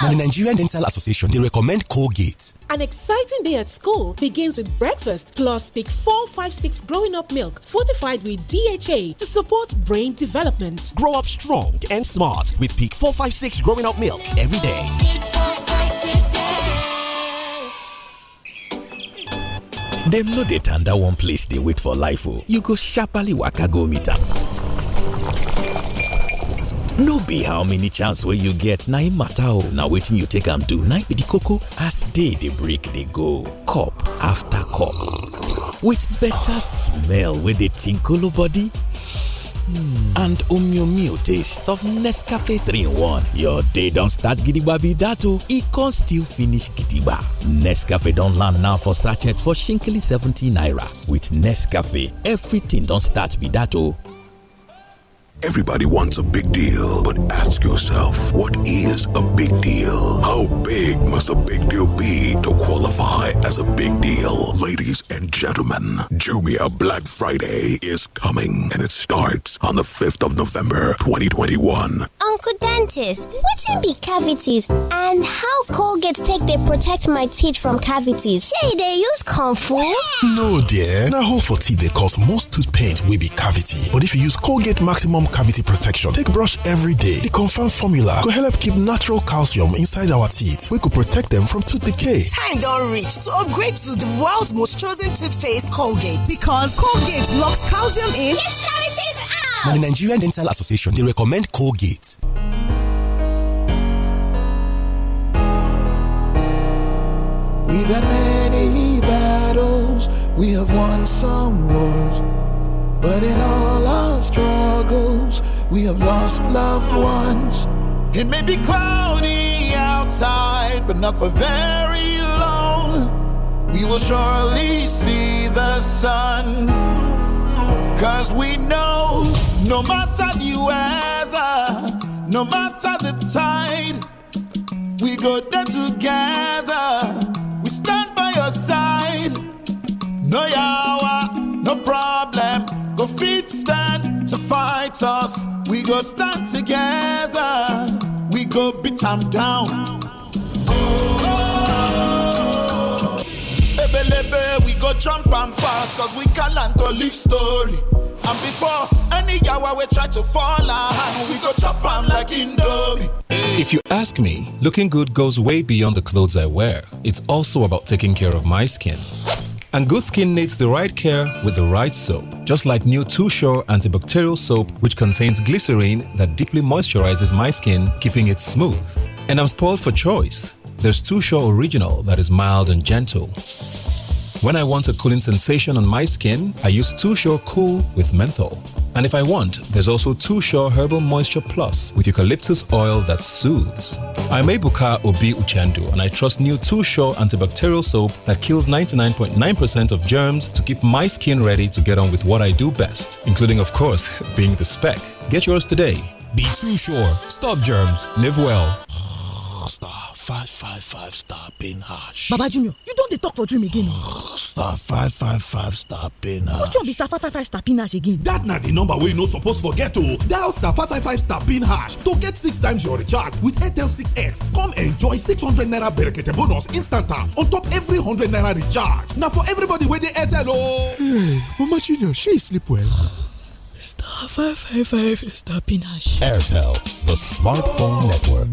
Now, the Nigerian Dental Association, they recommend Colgate. An exciting day at school begins with breakfast plus Peak 456 growing up milk fortified with DHA to support brain development. Grow up strong and smart with Peak 456 growing up milk every day. Dem no dey that one place they wait for life Oh, you go sharply waka go meet up. no be how many chance wey you get na im matter o na wetin you take am do na be di koko as day dey break dey go cup after cup with better smell wey dey tinkolo body hmm. and omyomyo taste of nescafe 3 in 1 your day don start gidigba be dat o e con still finish gidigba nescafe don land now for sachet for shinkly 70 naira with nescafe everything don start be dat o Everybody wants a big deal, but ask yourself, what is a big deal? How big must a big deal be to qualify as a big deal? Ladies and gentlemen, Jumia Black Friday is coming and it starts on the 5th of November 2021. Uncle Dentist, what's in be cavities and how Colgate take they protect my teeth from cavities? Say they use comfort? No, dear. Now, hold for teeth, they cause most tooth pain will be cavity. But if you use Colgate Maximum cavity protection. Take brush every day. The confirmed formula could help keep natural calcium inside our teeth. We could protect them from tooth decay. Time don't reach to upgrade to the world's most chosen toothpaste, Colgate. Because Colgate locks calcium in. Keeps cavities out! And the Nigerian Dental Association, they recommend Colgate. We've had many battles, we have won some wars. But in all our struggles, we have lost loved ones. It may be cloudy outside, but not for very long. We will surely see the sun. Cause we know no matter the weather, no matter the tide, we go there together. We stand by your side. No yawa, no problem to fight us. We go stand together. We go beat them down. Oh, Ebelebe, we go jump and pass, cause we can land go live story. And before any yawa we try to fall out, we go chop them like Indomie. If you ask me, looking good goes way beyond the clothes I wear. It's also about taking care of my skin. And good skin needs the right care with the right soap, just like new Too Shore antibacterial soap, which contains glycerine that deeply moisturizes my skin, keeping it smooth. And I'm spoiled for choice. There's Too Shore Original that is mild and gentle. When I want a cooling sensation on my skin, I use Too Shore Cool with menthol. And if I want, there's also Too Sure Herbal Moisture Plus with eucalyptus oil that soothes. I'm Ebuka Obi Uchandu and I trust new Too Sure antibacterial soap that kills 99.9% of germs to keep my skin ready to get on with what I do best, including, of course, being the spec. Get yours today. Be Too Sure. Stop germs. Live well. Stop. five five five star being harsh. Baba Junior, you don dey talk for dream again. star five five five star pin hash. Which one be star five five five star being harsh again? Dat na di number wey you no suppose forget o. Dial star five five five star being harsh to get six times your recharge with Airtel 6x. Come enjoy six hundred naira berekete bonus instanta on top every hundred naira recharge. Na for everybody wey dey Airtel o. Hey, hmm, Mama Junior, shey sleep well? Star five five five star being harsh. Airtel, the smartphone network.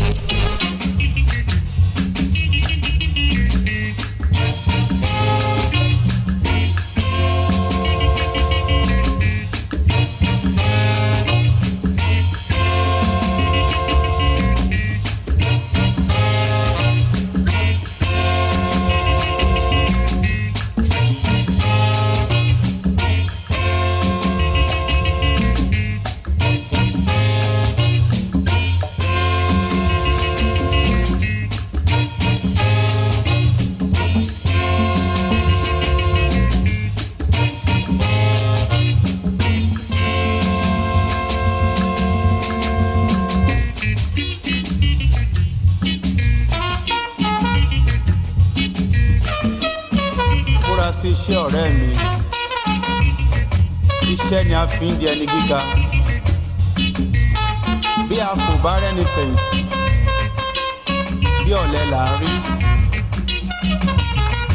iṣẹ́ ọ̀rẹ́ mi iṣẹ́ ni a fi ń di ẹni gíga bí a kò bá rẹ́ni fẹ̀yìntì bí ọ̀lẹ là á rí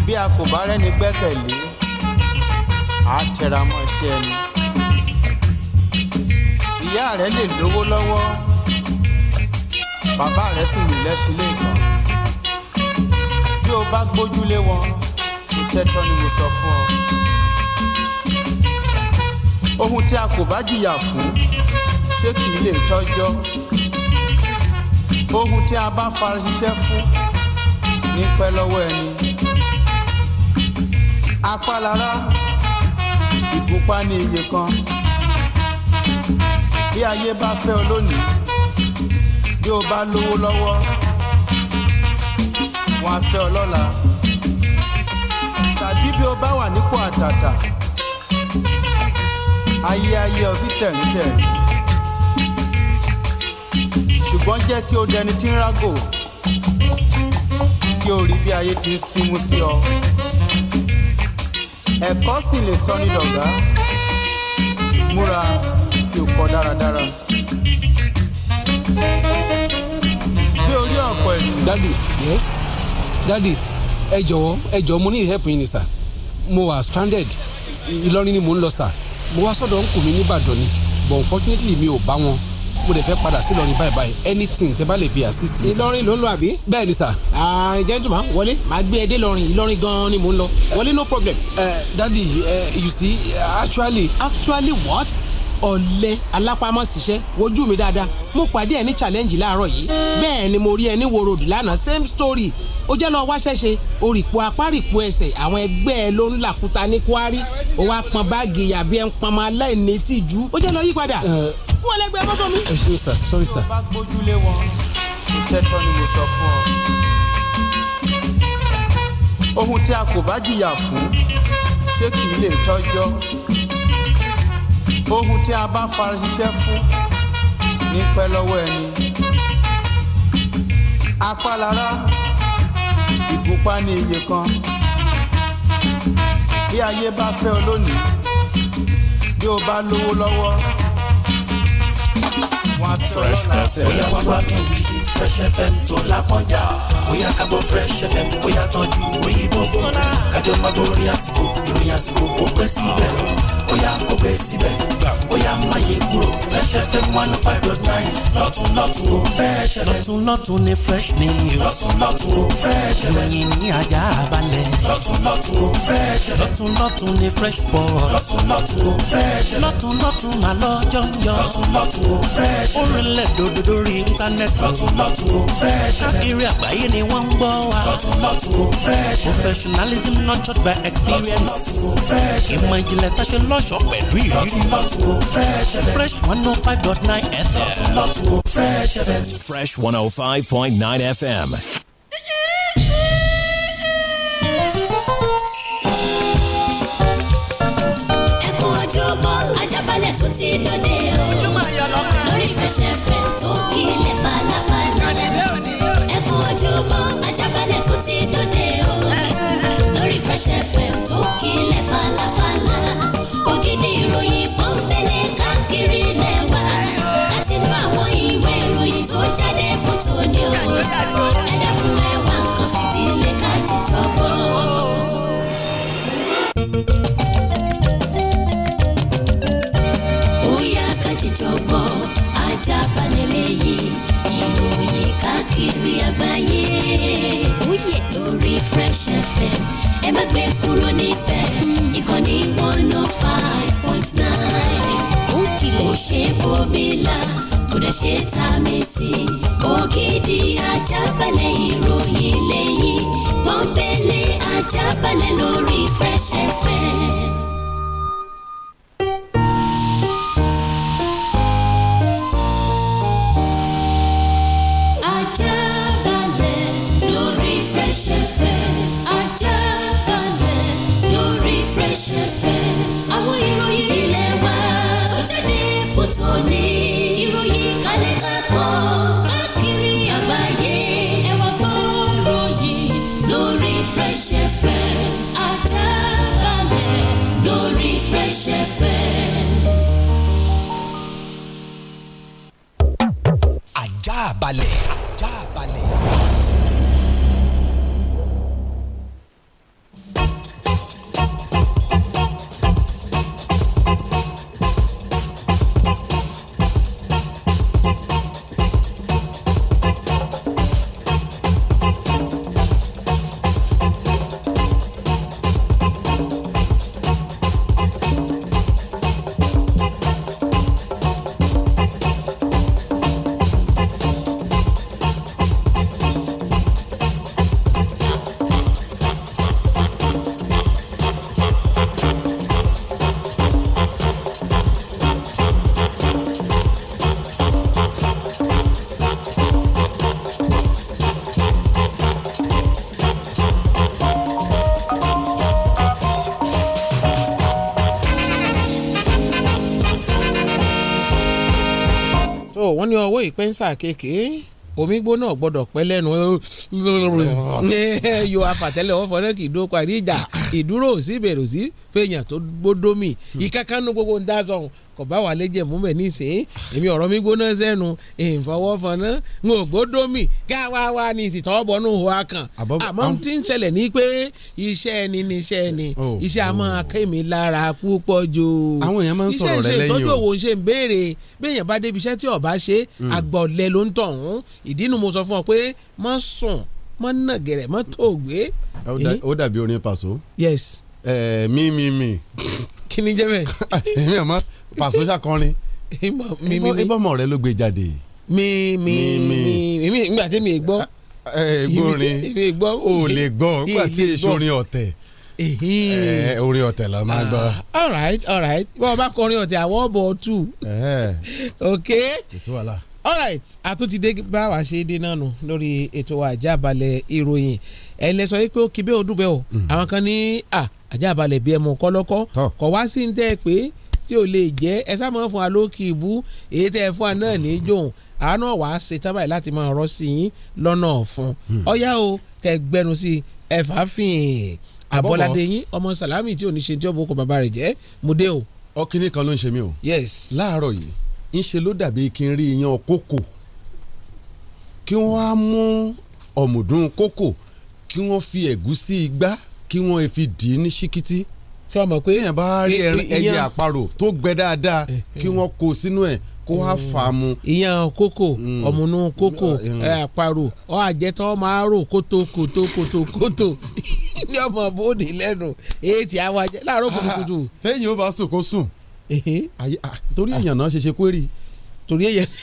bí a kò bá rẹ́ni gbẹ́kẹ̀lé àá tẹra mọ́ iṣẹ́ ẹni ìyá rẹ lè lówó lọ́wọ́ bàbá rẹ sì lè lẹ́sìn lè gbọ́n bí o bá gbójúlé wọn tẹ́tọ́ ni mo sọ fún ọ. ohun tí a kò bá jìyà fún ṣé kì í lè tọ́jọ́. ohun tí a bá fara ṣiṣẹ́ fún ní pẹ́ lọ́wọ́ ẹni. apá ìgúnpá ní iye kan. bí ayé bá fẹ́ ọ lónìí bí o bá lówó lọ́wọ́ wọn á fẹ́ ọ lọ́la bí o bá wà nípò àtàtà ayé ayé ọ sí tẹ̀ǹtẹ̀ ṣùgbọ́n jẹ́ kí o dẹni tí ń rágò kí o rí bí ayé ti ń símú sí ọ ẹ̀kọ́ sì lè sọ ní dọ̀gá múra kí o kọ dáradára. bí yes Daddy, ẹ jọ̀wọ́ ẹ jọ̀wọ́ mo ní help yín ni sir mo wà stranded Ìlọrin ni mò ń lọ sà mo wá sọ́dọ̀ ń kù mí nìbàdàn ni but unfortunately mi ò bá wọn mo dẹ̀ fẹ́ padà sí Ìlọrin báyìí báyìí anything tẹ́ bá lè fi assist mi. Ìlọrin ló ń lọ àbí. bẹ́ẹ̀ ni sà. gentleman wọlé màá gbé ẹ dé Ìlọrin Ìlọrin gan ni mò ń lọ wọlé no problem. Uh, daddy uh, you see actually. actually what? ọ̀lẹ alápámọ́síṣẹ́ wojú mi dáadáa mo pàdé ẹ challenge láàárọ̀ yìí bẹ́ẹ̀ ni mo rí ẹ wo road lánàá same story ó jẹ́ lọ́ọ́ wá ṣẹ́ṣe orìpọ̀ apárìpọ̀ ẹsẹ̀ àwọn ẹgbẹ́ ẹ ló ń làkúta ní kwari ó wá pọn báàgì yàbí ẹ ń pọn ọmọ aláìní tìjú ó jẹ́ lọ́ọ́ yí padà kú ọlẹ́gbẹ́ mọ́tò mi. ẹ ṣe sà sọ́rí sà. ohun tí a kò bá jìyà fún ṣé kì í lè tọ́jọ́ ohun tí a bá farasíṣẹ́ fún ní pẹ́ lọ́wọ́ ẹni apá ìgúnpá ní iye kan bí ayé bá fẹ́ ọ lónìí bí o bá lówó lọ́wọ́ wọn á fẹ́ ọ lọ́la fresh fm tó lápọ́njà bóyá ká gbọ́ fresh fm bóyá tọ́jú òyìnbó fún kájọ máa borí àsìkò ìròyìn àsìkò ó pé síbẹ̀ bóyá kò pé síbẹ̀ bóyá máa yẹ kúrò fresh fm one oh five dot nine lọ́tún lọ́tún o fresh fm. lọ́tún lọ́tún ni fresh news. lọ́tún lọ́tún o fresh fm. ìròyìn ní ajá balẹ̀. lọ́tún lọ́tún ó fresh fm. lọ́tún lọ́tún ni fresh sport. lọ́tún lọ́tún ó fresh fm. lọ́tún lọ́tún lọ́tún máa lọ́jọ́ ń yọ. lọ́tún lọ́tún o fresh. ó rinlẹ̀ dòdò lórí íńtánẹ́ẹ̀tì. lọ́tún lọ́tún o fresh. káàkiri àgbáyé ni wọ́n ń gbọ́ wa. lọ́tún lọ́tún o fresh. professionalism nurtured by experience. lọ́tún lọ́tún o fresh. ìmọ̀ ìjìnlẹ̀ tá ṣe lọ́ṣọ̀ọ́ pẹ̀lú ìrírí. lọ́tún lọ́tún o fresh. fresh one oh five point nine fm. lọ́tún lọ́tún o fresh fm. fresh one oh five point nine fm tún ti dòde o lórí fẹsẹ̀fẹ̀ tó kílẹ̀ falafala ẹ kú ojúmọ́ Ajaabale tún ti dòde o lórí fẹsẹ̀fẹ̀ tó kílẹ̀ falafala. káàkiri àgbáyé. Oyè lórí Fresh FM ẹ má gbé kúrò níbẹ̀ ìkànnì one oh five point nine. Ó kìlẹ̀ ó ṣe bòmílà kò dẹ̀ ṣe tà mí sí. Ògidì ajábalẹ̀ ìròyìn lẹ́yìn pọ́npẹ́lẹ́ ajábalẹ̀ lórí Fresh FM. ọwọ́ ìpẹ́nsà kéèké omi gbóná gbọ́dọ̀ pẹ́ lẹ́nu yóò afatẹ́lẹ̀ ọ̀fọ̀ náà kì í dókò àríjà ìdúró sí ìbẹ̀rù sí fèèyàn tó gbódómì hmm. ìkákánú gbogbo ń dá sọ̀hún kò bá wà lẹ́jẹ̀ mú bẹ̀ nísìnyí èmi ọ̀rọ̀ mi gbóná sẹ́nu ìfọwọ́fọ̀nà ń ògbódómì káwá wa ní ìsìtọ́ bọ́nú hùwà kan àmọ́ tí ń ṣẹlẹ̀ ní pé iṣẹ́ ẹni ni iṣẹ́ ẹni oh. iṣẹ́ a máa oh. kémi lára púpọ̀ jù àwọn èèyàn máa ń sọ̀rọ̀ rẹ lẹ́yìn o iṣẹ́ ìṣètọ́jú òwò ṣe ń béèrè béèyàn bá débi iṣẹ́ tí ó ṣe hmm. àgbọ̀lẹ̀ ló ń tọ̀hún mọ́ nàgẹ̀rẹ̀ mọ́ tòògbé. Eh? ó dàbí orin pàṣọ. yes. ẹ mi mi mi. kí ni jẹ́ bẹ́ẹ̀. èmi àmọ́ pàṣọ ṣàkọrin. ìbọmọ rẹ ló gbé jáde. mi mi mi mi nígbà tí mi gbọ́. gbórin o lè gbọ́ nígbà tí èso orin ọ̀tẹ̀ orin ọ̀tẹ̀ la máa gbọ́. Ah, all right all right bọ́ọ̀ bá kọrin ọ̀tẹ̀ àwọ̀ bọ̀ ọ́ tù. ok. kò sí wàhálà alright àtúntìdé bá wa ṣe dé náà nù lórí ètò àjàbalẹ̀ ìròyìn ẹ lè sọ pé ó kí bẹ́ẹ̀ ó dùn bẹ́ẹ̀ o mhm. àwọn kan ní àjàbalẹ̀ bí ẹ mọ̀ kọ́lọ́kọ́ kọ̀ wá sí ń tẹ́ ẹ pé tí ò lè jẹ́ ẹ sá máa fún wa lókì ìbú èyí tẹ́ ẹ fún wa náà ní jòun àánú ọ̀wá ṣe tábà yìí láti máa rọ́ sí yín lọ́nà ọ̀fun ọ̀yá hmm. o kẹ gbẹnu sí ẹ̀fà fìhìn àbọ̀ládé yín ọmọ sàlámì tí ò ní ṣe tí ó bó kọ bàbá rẹ̀ jẹ́ mo o. ọkìnrin kan ló ń ṣe mí o. yes láàárọ̀ yìí ńṣe ló dàbí kí n rí iyán kókò kí wọ́n á mú ọ̀mùdún kókò kí wọ́n fi ẹ̀gúsí igbá kí wọ́n fi dì í ní ṣíkítí ṣé ọmọ pé tíyẹn bá rí ẹyẹ àparò tó gbẹ dáadáa eh, kí eh. wọ́n kó sínú ẹ̀ kó wá eh, fà á mu. ìyàn kókò hmm. ọ̀mùnú kókò hmm. àparò ọ àjẹtọ́ máa rò kótó kótó kótó kótó ní ọmọ bóde lẹ́nu èyí tí a wá láàárọ̀ kùtùkùtù. Ah, téèyàn bá sùn kó sùn torí èèyàn náà ṣe ṣe query. torí èèyàn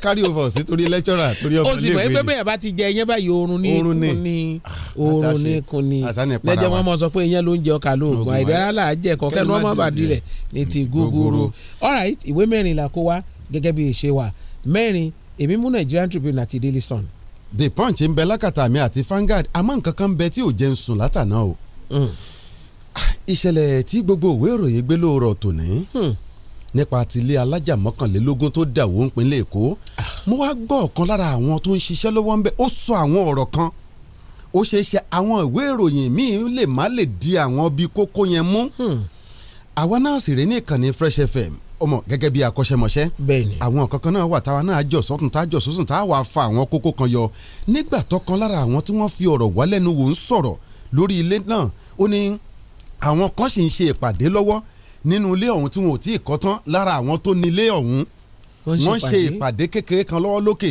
carry over sí torí lecturer torí ọmọ ilé ìwé ni. o sì mọ̀ ẹgbẹ́ bẹ́ẹ̀ bá ti jẹ ẹyẹ báyìí oorun ní kun ni oorun ní kun ni ah, lẹ́jẹ̀ wọn mọ̀ sọ pé ìyẹn ló ń jẹ ọkà lóògùn àìdára là á jẹ kọ́kẹ́ ní wọ́n má bàa dilẹ̀ ní ti gúgúrú. all right ìwé mẹ́rin là kó wá gẹ́gẹ́ bí ìṣe wa mẹ́rin èmi mú Nigerian Tribune àti Daily Sun. The Punch ń bẹ lákàtà mi àti Vanguard àmọ́ nǹkan kan ń bẹ tí ò jẹun sùn látàná o. Hmm ìṣẹ̀lẹ̀ tí gbogbo òwe ìròyìn gbé lóòrọ̀ tòní hmm. nípa tilé alájà mọ́kànlélógún tó dà wó ńpínlẹ̀ èkó ah. mo wá gbọ́ ọ̀kan lára àwọn tó ń ṣiṣẹ́ lọ́wọ́ ńbẹ ó sọ àwọn ọ̀rọ̀ kan ó ṣeé ṣe àwọn ìwé ìròyìn míì lè má lè di àwọn bíi kókó yẹn mú hmm. àwa náà sì rè ní ìkànnì Fresh FM ọmọ gẹ́gẹ́ bí akọ́ṣẹ́mọṣẹ́ àwọn kankan náà wà táwa náà jọ sọ́tún tá a jọ sọ́sùn tá a wà fa àwọn kókó kan yọ nígbà tọkan lára àwọn tí wọ́n fi ọ̀rọ̀ wálẹ́nu wò ń sọ̀rọ̀ lórí ilé náà ó ní àwọn kan sì ń ṣe ìpàdé lọ́wọ́ nínú ilé ọ̀hún tí wọn ò tí ì kọ́ tán lára àwọn tó ní ilé ọ̀hún wọ́n ṣe ìpàdé kékeré kan lọ́wọ́ lókè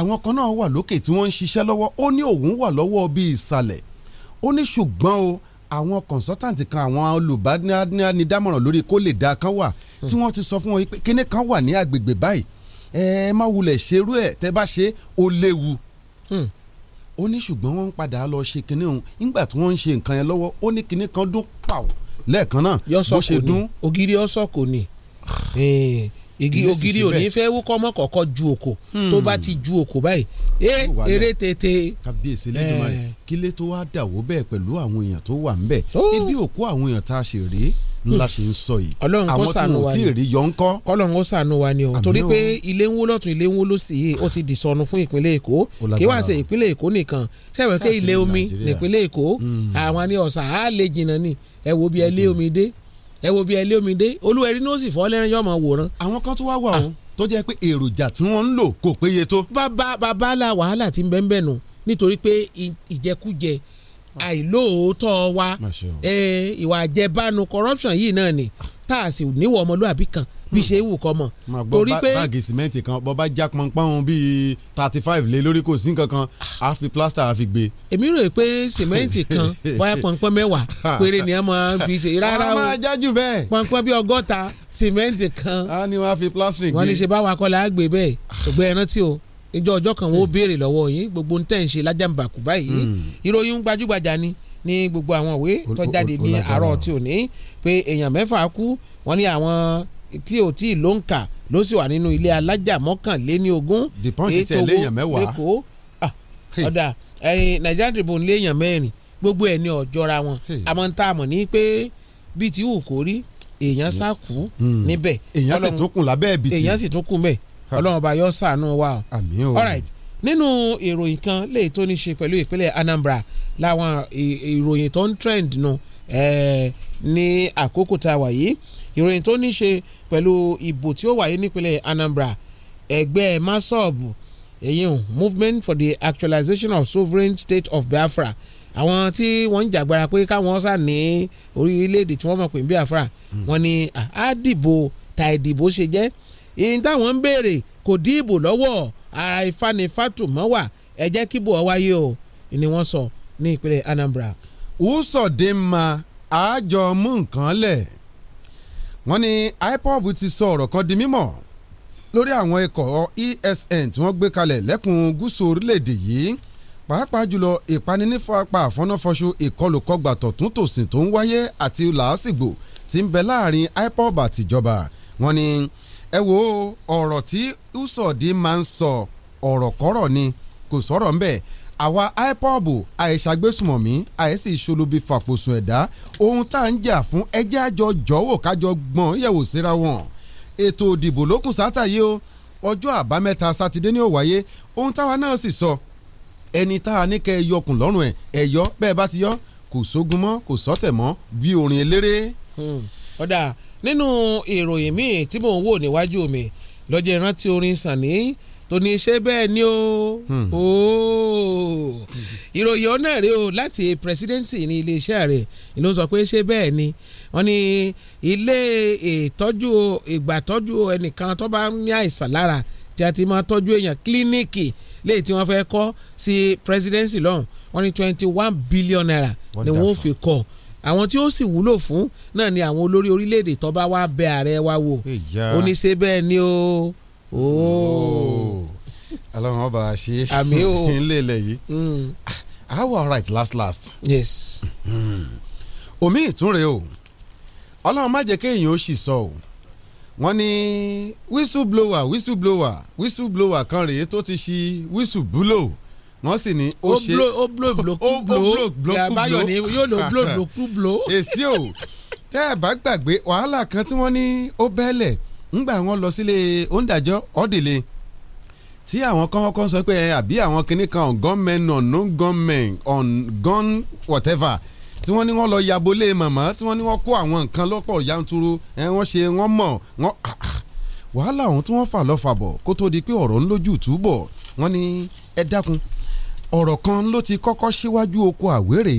àwọn kan náà wà lókè tí wọ́n ń ṣiṣẹ́ lọ́wọ́ ó ní òun wà lọ́wọ́ bíi ìsàlẹ̀ ó ní ṣùgbọ́n o àwọn consultant kan àwọn olùbánidámọ̀ràn lórí kó lè da kan wà tí wọ́n ti sọ fún wọn pé kíní kan wà ní agbègbè báyìí ẹ má wulẹ̀ ṣerú ẹ̀ tẹ́ bá ṣe ó léwu hmm ó ní ṣùgbọ́n wọ́n ń padà lọ ṣe kinní òun nígbà tí wọ́n ń ṣe nǹkan yẹn lọ́wọ́ ó ní kinní kan dún pàwọ́ lẹ́ẹ̀kan náà bó ṣe dún. ògiri ọsọ kò ní igi ògiri ò ní fẹ́ wúkọ́ mọ́ kọ̀ọ̀kan ju òkò tó bá hmm. ti ju òkò báyìí ẹ eré tètè. kábíyèsí lẹ́dùnmáà kílé tó wá dàwó bẹ́ẹ̀ pẹ̀lú àwọn èèyàn tó wà ń bẹ̀ ebi òkú àwọn èèyàn tá a ṣe rèé Hmm. ńlá ṣe ń sọ yìí àwọn tí wọn ò tí ì rí yọ ń kọ́. kọ́lọ́n ó ṣàánú wa ni o torí pé ilé ń wó lọ́tún ilé ń wó lósì yìí ó ti dìsọnù fún ìpínlẹ̀ èkó kí wàá ṣe ìpínlẹ̀ èkó nìkan sẹ́wọ̀n pé ilé omi nípínlẹ̀ èkó hmm. àwọn ni ọ̀sà á lè jìnnà ni ẹ wo bí ẹ lé hmm. omi dé ẹ wo bí ẹ lé omi dé olúwẹ̀rí ní ó sì fọ́ lẹ́rìn yọ̀mọ̀ wòran. àwọn kan tó wá wà wọn ah. tó jẹ́ pé èròjà tí wọ́n ń lò kò péye tó. bàbá bàbá la wàhálà ti ń bẹ́ẹ̀ bẹ́ẹ̀ nù nítorí pé ìjẹkújẹ àìlóòótọ́ wa ìwà àjẹbánu corruption yìí náà ni tá a sì níwọ̀ ọmọlúàbí kan bí ṣe é wù kọ́ mọ̀. torí pé báàgì sìmẹ́ǹtì kan bọ́ bá já pọnpọ́n bíi thirty five lé lórí kò sí nǹkan kan a fi plaster a fi gbé. èmi rò pé sìmẹ́ǹtì kan bóyá pọnpọ́n mẹ́wàá péré ni a máa fi ṣe rárá o. wọ́n bíi ọgọ́ta sìmẹ́ǹtì kan. a ní wọ́n á fi plastering gbé. wọ́n ní ṣe báwa kọ́ la gbé bẹ́ẹ̀ ògbẹ́ ẹran o ìjọ ọjọ́ kan wọ́n hmm. béèrè lọ́wọ́ yín gbogbo ń tẹ̀ ń ṣe lájàmbàkú báyìí hmm. ìròyìn gbajúgbajà ni ní gbogbo àwọn ìwé tó jáde ní àárọ̀ tí ò ní pé èèyàn mẹ́fà kú wọ́n ní àwọn tí ò tí ì ló ń kà ló sì wà nínú ilé alájà mọ́kànléní ogún ètò owó lẹ́kọ̀ọ́ ọ̀dà nàìjíríà Tribune léèyàn mẹ́rin gbogbo ẹ̀ ní ọ̀jọ́ra wọn àmọ́ ń tà mọ̀ ní pé bíi ti wù kó èèyàn sá kú hmm. níbẹ̀ èèyàn sì tún kù lábẹ́ ẹ̀bìtì èèyàn sì tún kù mẹ́ẹ̀ ọlọ́run ọba yóò ṣàánú wa o. àmín o. alright nínú ìròyìn kan lè tó ní ṣe pẹ̀lú ìpínlẹ̀ Anambra láwọn ìròyìn tó ń trend nu ní àkókò tá a wà yìí ìròyìn tó ní ṣe pẹ̀lú ìbò tí ó wáyé nípínlẹ̀ Anambra ẹgbẹ́ masọ́ọ̀bù èyàn Movement for the Actualization of Sovereign State of Biafra àwọn tí wọ́n ń jàgbára pé káwọn sà ní orílẹ̀-èdè tí wọ́n mọ̀ pé Biafra hmm. wọ́n ní àdìbò tàìdìbò ṣe jẹ́ ìyìn táwọn ń béèrè kò dí ìbò lọ́wọ́ ara ifá ni fátùmọ́ wà ẹ kí ìbò wáyé o ni wọ́n sọ ní ìpínlẹ̀ Anambra. Usodinma àjọ mú nǹkan lẹ̀ wọ́n ní IPOB ti sọ ọ̀rọ̀ kan di mímọ̀ lórí àwọn ikọ̀ ESN tí wọ́n gbé kalẹ̀ lẹ́kùn gúúsù orílẹ̀-èdè yìí pàápàá jùlọ ìpaninífapá àfọ́náfọ́ṣù ìkọlùkọgbà tọ̀tún tòsìn tó ń wáyé àti làásìgbò tí ń bẹ láàrin IPOB àtìjọba wọ́n ní. Ni ẹ wo ọ̀rọ̀ tí Usodi máa ń sọ ọ̀rọ̀ kọ́rọ̀ ni kò sọ̀rọ̀ ńbẹ̀ àwa IPOB àìṣàgbésùmọ̀mí àìsí ìṣolubi fàpòsùn ẹ̀dá ohun tá à ń jà fún ẹjẹ́ àjọ jọ̀wọ́ kájọ gbọ̀n yẹ̀wò síra wọn ètò òdìbò lókun sátàyé o ọjọ́ àbámẹ́ta sátidé ni ó wáyé ohun táwa náà sì sọ ẹni tá a ní kẹ́ ẹ yọkùn lọ́rùn ẹ̀ ẹ̀yọ́ bẹ́ẹ̀ bá ti yọ kò sógun mọ́ kò sọ́tẹ̀ mọ́ bí orin eléré. ọ̀dà hmm nínú ìròyìn míì tí mò ń wò níwájú mi lọ́jọ́ ìrántí orin Sàní tó ní ṣe bẹ́ẹ̀ ni hmm. ó ìròyìn ọ̀nà rèé o láti presidency ní iléeṣẹ́ rẹ̀ ló sọ pé ṣe bẹ́ẹ̀ ni wọ́n ní ilé ìtọ́jú ìgbàtọ́jú ẹnìkan tó bá ní àìsàn lára tí a ti máa tọ́jú èèyàn kílíníìkì léyìí tí wọ́n fẹ́ kọ́ sí presidency lọ́hùn wọ́n ní twenty one billion naira ni wọ́n fi kọ́ ọ àwọn tí ó sì wúlò fún náà ni àwọn olórí orílẹ̀-èdè tó bá wá bẹ ààrẹ wa wò ó ní ṣe bẹ́ẹ̀ ni o. ọlọ́run ọba ṣe é ń lé yìí I hmm. ah, was alright last last. yes. Hmm. omi ìtúnre o ọlọ́run má jẹ́ kéèyàn ó sì sọ o wọ́n ní whistleblower whistleblower whistleblower kan rèé tó ti ṣi whistleblower wọ́n sì ní ó ṣe ó blow blow kú blow yàbáyọ̀ ni yóò lò blow blow kú blow. èsì o tẹ́ ẹ bá gbàgbé wàhálà kan tí wọ́n ní ó bẹ́lẹ̀ ńgbà wọn lọ sílé òǹdàjọ́ ọ̀dìlẹ̀ tí àwọn kọ́ńkọ́ sọ pé àbí àwọn kinní kan on gunmen on no gunmen on gun whatever tí wọ́n ní wọ́n lọ yabo lé màmá tí wọ́n ní wọ́n kó àwọn nǹkan lọ́pọ̀ yanturu ẹ wọ́n ṣe wọ́n mọ̀ wọ́n ah, ah. wàhálà ọ̀hún tí wọ́n fà lọ fà bọ̀ kó tó di pé ọ̀rọ̀ ń lójú túbọ̀ wọ́n ní ẹ dákun ọ̀rọ̀ kan ló ti kọ́kọ́ síwájú oko àwérè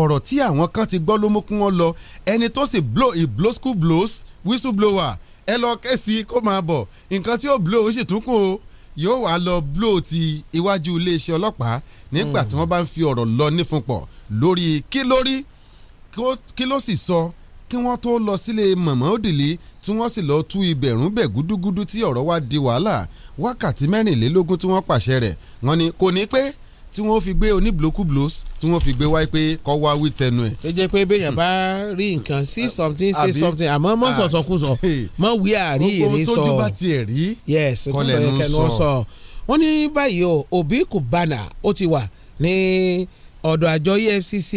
ọ̀rọ̀ tí àwọn kan ti gbọ́ ló mú kún wọn lọ ẹni tó sì blow i blow school blows whistle blower ẹ lọ kẹ́sì kó máa bọ̀ nǹkan tí ó blow ó sì tún kù o yóò wá lọ blow ti iwájú iléeṣẹ́ ọlọ́pàá nígbà tí wọ́n bá ń fi ọ̀rọ̀ lọ nífun pọ̀ lórí kí lórí kí ló sì sọ kí wọ́n tó lọ sílé mọ̀mọ́ òdìlí tí wọ́n sì lọ tú ibẹ̀rún bẹ̀ gúdúgúdú tí ọ̀rọ̀ wá di wàhálà wákàtí mẹ́rìnlélógún tí wọ́n pàṣẹ rẹ̀ wọ́n ní kò ní pé tí wọ́n fi gbé oníblokúblos tí wọ́n fi gbé wáyé pé kọ́ wá wí tẹnu ẹ̀. tó jẹ́ pé béèyàn bá rí nǹkan see something say something àmọ́ mọ́ sọ̀sọ̀kúsọ mọ́ wí àrí èrè sọ gbogbo tójú bá tiẹ̀ rí kọlẹ̀ ń sọ. wọ́n ní báyìí o Obi Cubana ó ti wà ní ọ̀dọ̀ àjọ EFCC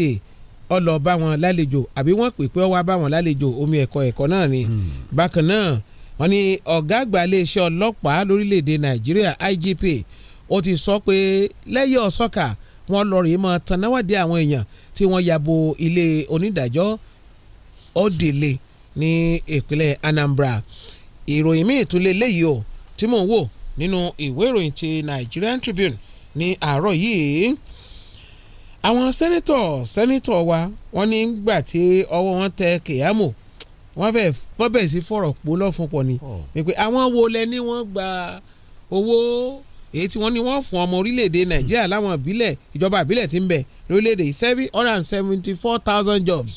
ó lọ bá wọn lálejò àbí wọ́n pè pé ó wá bá wọn lálejò omi ẹ̀kọ́ ẹ̀kọ́ náà ni hmm. bákan náà wọ́n ní ọ̀gá àgbà iléeṣẹ́ ọlọ́pàá lórílẹ̀‐èdè Nàìjíríà IGP ó ti sọ pé lẹ́yìn ọ̀sọ́kà wọ́n lọ rèé mọ́ tanáwádìí àwọn èèyàn tí wọ́n yabo ilé onídàájọ́ òdìlé ní ìpínlẹ̀ Anambra ìròyìn míì tún lé léyìí o tí mò ń wò nínú ìwé ìròyìn ti Nigerian Tribune ní àárọ̀ yìí àwọn sẹ́nitọ̀ sẹ́nitọ̀ wa wọ́n ní gbà tí ọwọ́ wọn tẹ Keyamo wọ́n fẹ́ bọ́bẹ̀ sí fọ̀rọ̀ pọ̀ lọ́fun pọ̀ ni oh. wípé àwọn wo lẹ ní wọ́n gba owó èyí tí wọ́n ní wọ́n fún ọmọ orílẹ̀-èdè nàìjíríà láwọn ìbílẹ̀ ìjọba ìbílẹ̀ tí ń bẹ lórílẹ̀-èdè seven hundred and seventy four thousand jobs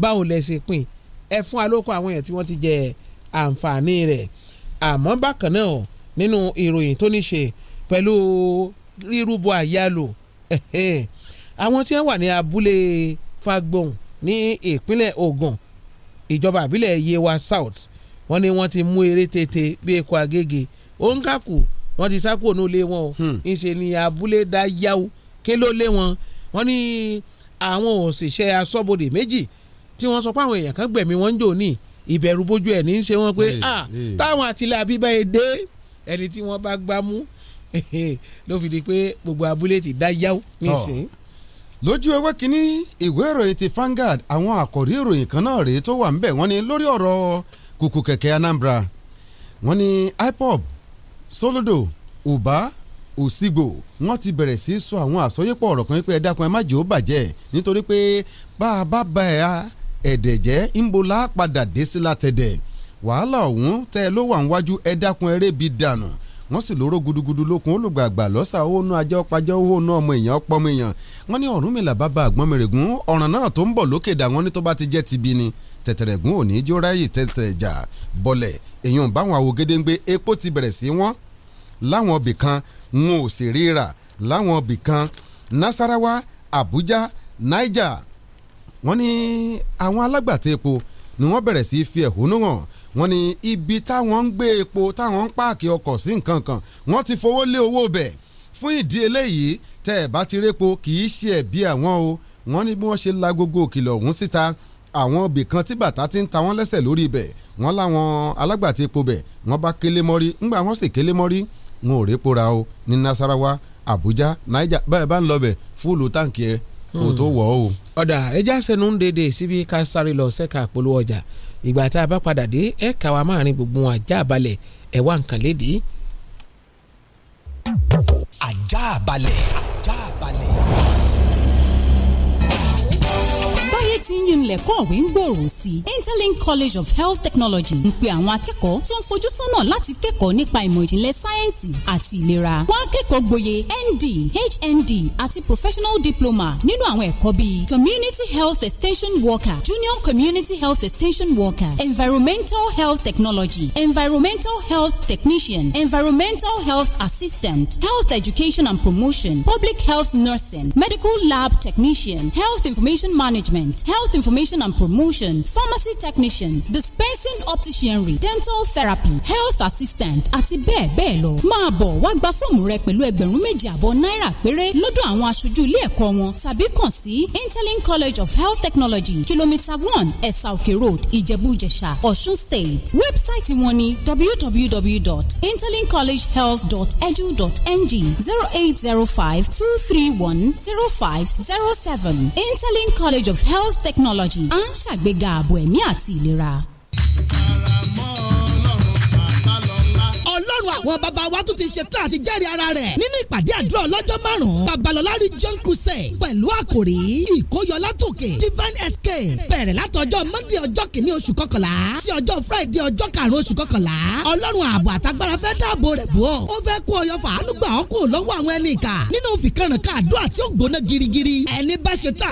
báwo lẹ ṣe pín ẹ fún alóko àwọn èèyàn tí wọ́n ti jẹ àǹfààní rẹ̀ àmọ́ bákan náà nínú ìròyìn tó ní ṣe pẹ̀lú rírúbọ àyálò àwọn tí wọ́n wà ní abúlé fagbọn ní ìpínlẹ̀ Ògùn ìjọba àbílẹ̀ Yewa South wọ́n ní wọ́n ti mú eré tètè bí eku agége òǹkàkù wọ́n ti sáko ní olè wọn o ìṣe hmm. ni abúlé dá yáwó ké ló lé wọn wọ́n ní àwọn òṣìṣẹ́ aṣọ́bodè méjì tí wọ́n sọ pé àwọn èèyàn kan gbẹ̀mí wọn ń jò ní ìbẹ̀rù bójú ẹ̀ ní í ṣe wọn pé táwọn àtìlẹ́ àbíbá yẹn dé ẹni tí wọ́n bá gbá mú ló fi di pé gbogbo abúlé ti dá yáwó nísìnyí. lójú ewé kínní ìwé ìròyìn ti Vanguard àwọn àkòrí ìròyìn kan náà rèé tó wà ń bẹ̀ wọ́n lórí ọ̀rọ̀ kùkù kẹ̀kẹ́ Anambra wọ́n ní IPOB sólódò òbá òsígbò wọ́n ti bẹ̀rẹ̀ sí í sọ àwọn àsọyépọ̀ ọ̀rọ̀ kan pé ẹ dákun ẹ má jẹ́ ó bàjẹ́ nítorí pé bá a bá ba ẹ̀ ẹ̀dẹ̀ jẹ́ ńbọ̀lá padà dé sí látẹ̀dẹ̀ wàhálà ọ̀hún tẹ́ ẹ ló wà níwájú ẹ dákun ẹrẹ́ bi dànù wọ́n sì lóró gudugudu lókun olùgbàgbà lọ́sà owó nu ajá ọpajá owó nu ọmọ èèyàn ọpọmọ èèyàn wọ́n ní Ọ̀rúnmìlà bàbá àgbọ̀nmẹ̀rẹ̀gún ọ̀ràn náà tó ń bọ̀ lókè dà wọ́n ní tó bá ti jẹ́ tibi ni tẹ̀tẹ̀rẹ̀gún òní jó ráyè tẹ̀sẹ̀ ìjà bọ̀lẹ̀ èèyàn báwọn àwo gédéńgbé epo ti bẹ̀rẹ̀ sí wọ́n láwọn ibì kan ń ò sì ríra láwọn ibì kan Nasarawa Abuja Niger wọ́n ní àwọn alágbàtà epo ni wọ́n bẹ̀rẹ̀ sí fi ẹ̀hónú hàn wọ́n ní ibi táwọn ń gbé epo táwọn ń páàkì ọkọ̀ sí nǹkan kan wọ́n ti fowó lé owó bẹ̀ fún ìdí eléyìí tẹ́ ẹ̀ bá ti répo kì í ṣe ẹ̀bi àwọn o wọ́n ní bí wọ́n ṣe la gbogbo òkìlọ̀ ọ̀hún síta àwọn ibì kan tí bàtà ti ń ta wọ́n lẹ́sẹ̀ lórí ibẹ̀ wọ́n láwọn alágbàtí epo bẹ̀ wọ́n bá kélé mọ́rí ńgbà wọ́n sì kélé mọ́rí wọn ò répo ra o ní Nasarawa Abuja Naija báyìí bá ń lọ bẹ̀ fúlù táǹkì ẹ̀ kò hmm. tó wọ̀ o. ọ̀dà ẹja sẹ́nu ń dédé síbi ká sáré lọ sẹ́ka àpolówó ọjà ìgbà tá a bá padà dé ẹ̀ka wa máa rin gbogbo ajá balẹ̀ ẹ̀wá nǹkan lédìí. ajá balẹ̀. ìmúlẹ̀kọ́ ọ̀wé ń gbòòrò sí i interlink college of health technology ń pe àwọn akẹ́kọ̀ọ́ tó ń fojú sọ́nà láti kẹ́kọ̀ọ́ nípa ìmọ̀ ìjìnlẹ̀ sáyẹ́ǹsì àti ìlera wọ́n á gboyè nd hnd àti professional diploma nínú àwọn ẹ̀kọ́ bíi community health extension worker junior community health extension worker environmental health technology environmental health technician environmental health assistant health education and promotion public health nursing medical lab technician health information management health information information and promotion, pharmacy technician, dispensing opticianry, dental therapy, health assistant àti bẹ́ẹ̀ bẹ́ẹ̀ lọ. Máa bọ̀ wá gba fọ́ọ̀mù rẹ pẹ̀lú ẹgbẹ̀rún méjì àbọ̀ náírà péré lọ́dọ̀ àwọn aṣojú ilé ẹ̀kọ́ wọn tàbí kàn sí Interlink College of Health Technology, Kilomita one, Ẹ̀sà Òkè Road, Ìjẹ̀bú-Ìjẹ̀ṣà, Ọ̀ṣun State. Wẹ́bsáìtì wọn ni www.interlinkcollegehealth.edu.ng zero eight zero five two three one zero five zero seven Interlink College of Health Technology technology a ń ṣàgbéga ààbò ẹ̀mí àti ìlera ọlọ́run àwọn bàbá wa tún ti ṣe tán àti jẹ́rìí ara rẹ̀ nínú ìpàdé àdúrà ọlọ́jọ́ márùn-ún babalọ́lá region crusade pẹ̀lú àkòrí ìkóyọlátòkè divine escape bẹ̀rẹ̀ látọjọ́ monday ọjọ́ kìíní oṣù kọkànlá sí ọjọ́ friday ọjọ́ karùn-ún oṣù kọkànlá ọlọ́run ààbò àtagbára fẹ́ dáàbò rẹ̀ bò ó ó fẹ́ kó ọyọ fàánú gbà ọ́ kó lọ́wọ́ àwọn ẹni ìka nínú fìkànnìkà àdúrà tí ó gbóná girigiri ẹni bá ṣe tá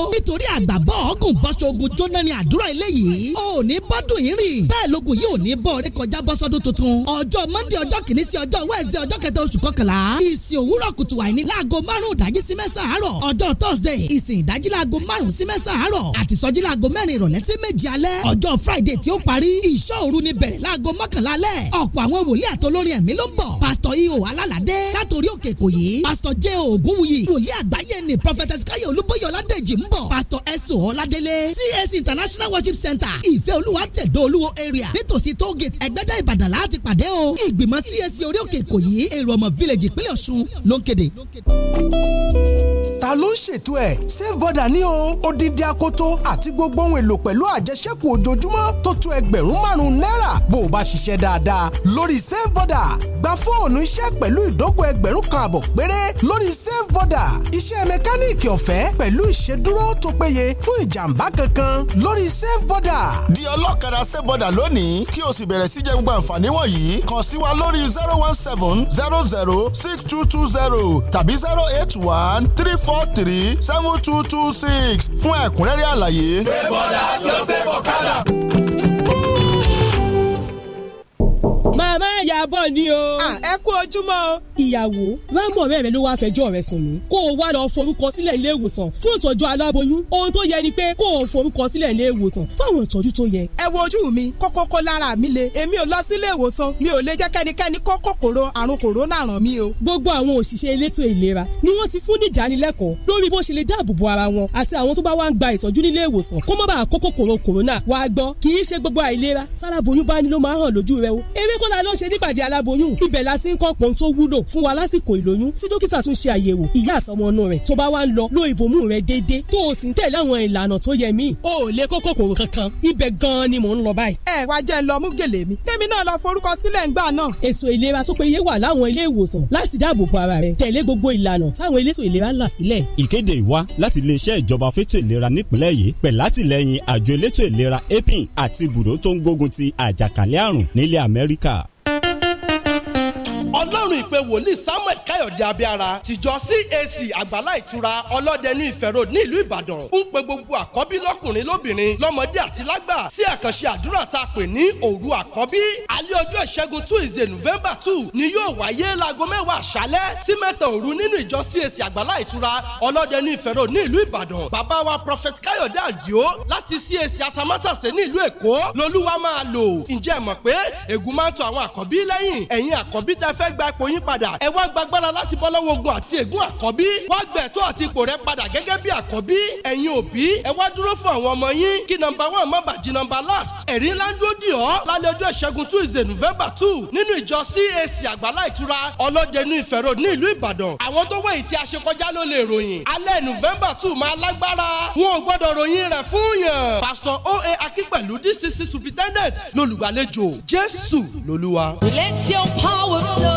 o nítorí àgbàbọ̀ ọ̀gùn bọ́ṣọ ogun ni àdúrà eléyìí ò ní bọ́dún yìí rìn bẹ́ẹ̀ lógun yìí ò ní bọ́ ọ̀rẹ́ ọdún tuntun ọjọ́ mọ́ndé ọjọ́ kìíní sí ọjọ́ wẹ́ẹ̀sì ọjọ́ kẹta oṣù kọkànlá ìsìn òwúrọ̀ kùtù àìní láago márùn-ún ìdájí sí mẹ́sàn àárọ̀ ọjọ́ thursday ìsìn ìdájí láago márùn-ún sí mẹ́sàn àárọ̀ àti sọjí láago mẹ́rin ìrọ̀lẹ́ sí méje alẹ́ ọjọ́ friday tí ó parí ìṣọ́ òru ni bẹ̀rẹ̀ láago mọ́kànlá alẹ́ ọ̀pọ̀ àwọn wòlíì àtolórin ẹ̀mí ló ń bọ̀ pásítọ̀ ihò e alálàdé látòrí òkè ìkòyí pásítọ̀ jẹ́ ògúnwùyí wòlíì àgbáyé ni prophetess káyọ̀ olúbóyè ọládèjì ń bọ̀ pásítọ̀ international worship center ìfẹ́ olúwa tẹ̀dó olúwo area nítòsí tóògì ẹ̀gbẹ́dẹ́ ìbàd ìbàdàn láti pàdé o ìgbìmọ̀ CAC orí òkè ìkòyí èrò ọmọ village ìpínlẹ̀ ọ̀ṣun ló ń kéde. ta ló ń ṣètò ẹ̀ save border ní o odidi akoto àti gbogbo ohun èlò pẹ̀lú àjẹsẹ́kù ojoojúmọ́ tó tó ẹgbẹ̀rún márùn-ún náírà bó o bá ṣiṣẹ́ dáadáa lórí save border gba fóònù iṣẹ́ pẹ̀lú ìdógò ẹgbẹ̀rún kan àbọ̀ péré lórí save border iṣẹ́ mẹkáníìkì ọ̀fẹ́ pẹ̀lú ìṣèdúró tó péye fún ìjàmbá kankan lórí save border di ọlọ́kadà save border lónìí kí o sì bẹ̀rẹ̀ sí jẹ gbogbo àǹf àǹfààní wọ̀nyí kàn sí wa lórí zero one seven zero zero six two two zero tàbí zero eight one three four three seven two two six fún ẹ̀kúnrẹ́rẹ́ àlàyé. ṣé bọ́dà jọ́sẹ̀ bọ̀kadà. màmá ìyàbọ̀ ni o. ẹ kú ojúmọ́ ìyàwó rámọ̀ rẹ̀ rẹ̀ ló wá fẹjọ́ rẹ̀ sùn mí kó o wá lọ forúkọ sílẹ̀ ilé ìwòsàn fún ìtọ́jú aláboyún ohun tó yẹ ni pé kó o forúkọ sílẹ̀ ilé ìwòsàn fún àwọn ìtọ́jú tó yẹ. ẹ wo ojú mi kókó kó lára mi le èmi ò lọ sí ilé ìwòsàn mi ò lè jẹ́ kẹ́nikẹ́ni kó kòkòrò àrùn kòrónà ràn mí o. gbogbo àwọn òṣìṣẹ́ elétò ìlera ni wọ́n ti fún ní ìdánilẹ́kọ̀ọ́ lórí bó fún wa lásìkò ìlóyún tí dókítà tún ṣe àyẹ̀wò ìyá àsọmọ inú rẹ̀ tó bá wá lọ lo ìbomú rẹ̀ déédéé tó o sì ń tẹ̀lé àwọn ìlànà tó yẹ mí. o ò lè kó kòkòrò kankan ibẹ̀ gan-an ni mò ń lọ báyìí. ẹ wá jẹ́ lọ mú gèlè mi. tèmi náà lọ forúkọ sílẹ̀ ń gbà náà. ètò ìlera tó péye wà láwọn ilé ìwòsàn láti dáàbò bo ara rẹ tẹ̀lé gbogbo ìlànà táwọn elétò ìlera là sílẹ̀. ìkéde wa láti iléeṣẹ́ ìjọba fétò ìlera nípìnlẹ̀ yìí pẹ̀ látìlẹ́yìn àjọ elétò ìlera apin àti ibùdó tó ọlọ́run ìpè wòlíì samuel káyọ̀dé abíára tìjọ cac àgbàlá ìtura ọlọ́dẹ ní ìfẹ́ road ní ìlú ìbàdàn ń pe gbogbo àkọ́bí lọ́kùnrin lóbìnrin lọ́mọdé àti lágbà sí àkànṣe àdúrà tá a pè ní òru àkọ́bí alẹ́ ọjọ́ ìṣẹ́gun tuesday november two ni yóò wáyé láago mẹ́wàá àṣálẹ́ sí mẹ́ta òru nínú ìjọ cac àgbàlá ìtura ọlọ́dẹ ní ìfẹ́ road ní ìbàdàn bàbá wa prophet káyọ̀dé àdìo láti cac atamátàsé ní ìlú èkó lolúwa máa lò ǹjẹ́ mọ̀ pé ègún máa ń tọ àwọn àkọ́bí lẹ́yìn ẹ̀yìn àkọ́bí tẹ fẹ́ gba ipò yín padà ẹ wá gbàgbára láti bọ́ lọ́wọ́ ogun àti ègún àkọ́bí wá gbẹ̀tọ́ àti ipò rẹ padà gẹ́gẹ́ bí àkọ́bí ẹ̀yin òbí ẹ wá dúró fún àwọn ọmọ yín kí nọ́mbà one má bàjẹ́ nọ́mbà last ẹ̀rí ńlá ń dúró dì ọ́ lálẹ́ ọjọ́ ìṣẹ́gun tuesday november two nínú ìjọ cac àgbàlá ìtura ọlọ́dẹ inú ìfẹ́ ní ìlú ìbàdàn àwọn tó wẹ̀ ìtì àṣekọjá ló lè ròyìn alẹ́ november two máa lágbára wọn ò gbọ́dọ̀ ròyìn rẹ̀ fún yàn pastor oa akínpẹ̀lú district superintendent lolùgbàlejò jésù lolúwa. let your power flow.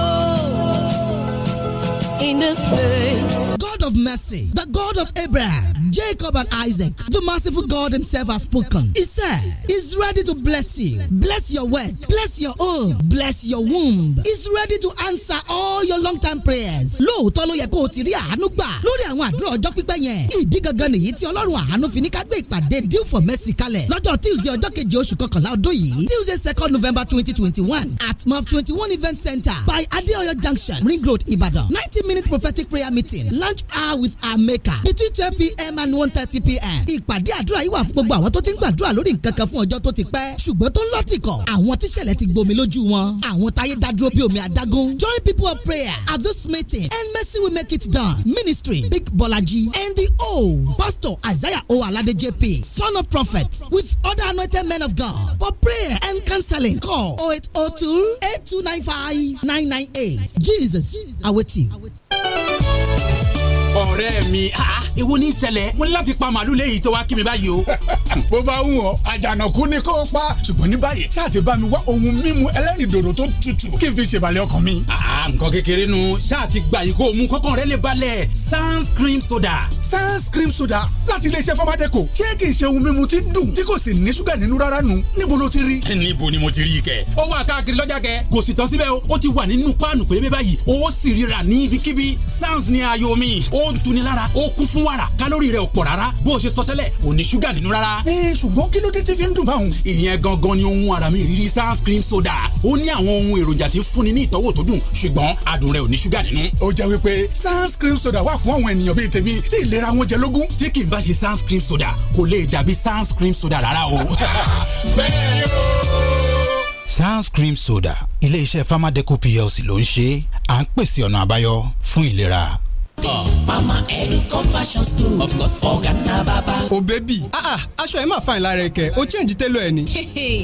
in the space. of mercy, the God of Abraham, Jacob, and Isaac, the merciful God Himself has spoken. He says He's ready to bless you, bless your wealth, bless your home, bless your womb. He's ready to answer all your long time prayers. Lóòótọ́ ló yẹ kó o ti rí àánú gbà lórí àwọn àdúrà ọjọ́ pípẹ́ yẹn. Ìdí gangan nìyí tí Ọlọ́run àánú fi ní ká gbé ìpàdé deal for mercy kalẹ̀ lọ́jọ́ Tuesday ọjọ́ kejì oṣù kọkànlá ọdún yìí Tuesday second November twenty twenty one at MAV twenty one event center by Adeoyo junction Ring Road Ibadan ninety minute prophetic prayer meeting lunch hour with our maker between ten pm and one thirty pm. ìpàdé àdúrà yìí wà fún gbogbo àwọn tó ti ń gbàdúrà lórí nǹkan kan fún ọjọ́ tó ti pẹ́ ṣùgbọ́n tó ń lọ́tìkọ̀ àwọn tíṣẹ̀lẹ̀ ti gbomi lójú wọn àwọn táyé dádúró bí omi adágún. join people of prayer at this meeting and mercy will make it done ministry big bolaji and the old pastor isaiah o alade jp son of prophet with other anointed men of god for prayer and counseling call 0802 8295 998 jesus awaiting ọ̀rẹ́ mi èwo ah, ah, ní ṣẹlẹ̀ mo láti pa màálù léyìí tó wá kí mi báyìí o. bó bá ń wọ àjànàkú ni kó pa ṣùgbọ́n ní báyìí ṣáà ti bá mi wá ohun mímu ẹlẹ́rìndòdò tó tutù kí n fi ṣèbàlẹ̀ ọkàn mi. Ah, nǹkan kékeré nu ṣáà ti gbà yìí kó o mú kọ́kàn rẹ lè balẹ̀ sans cream soda. sans cream soda láti iléeṣẹ́ fọ́mádẹ́kọ̀ ṣé kì í ṣe ohun mímu tí dùn tí kò sì ní ṣúgà nínú rárá nu níbo ń tuni lára ó kún fún wàrà kálórì rẹ̀ ò pọ̀ rárá bó o ṣe sọ tẹ́lẹ̀ ò ní ṣúgà nínú rárá. ẹ ṣùgbọ́n kí ló dé tí fi ń dùn báwọn. ìyẹn gangan ni ohun ara mi rírí sunscreen soda ó ní àwọn ohun èròjà tí ń fúnni ní ìtọ́wò tó dùn ṣùgbọ́n adùn rẹ̀ ò ní ṣúgà nínú. ó jẹ́ wípé sunscreen soda wà fún àwọn ènìyàn bíi tèmi tí ìlera wọn jẹ lógún. tí kì í bá ṣe sunscreen soda kò lè dàbí sunscreen soda rárá o. bẹ́ẹ̀ soda ilé iṣẹ́ farmadeco plc ló ń ṣe à ń pèsè ọ̀nà àbáyọ fún ìlera mama educom fashion school. of course. ọ̀gá ná bàbá. o oh, bẹ́bí ah, ah, aṣọ ẹ̀ máa fa ìlara ẹ̀kẹ́ o change tẹ́lọ̀ ẹ̀ ni.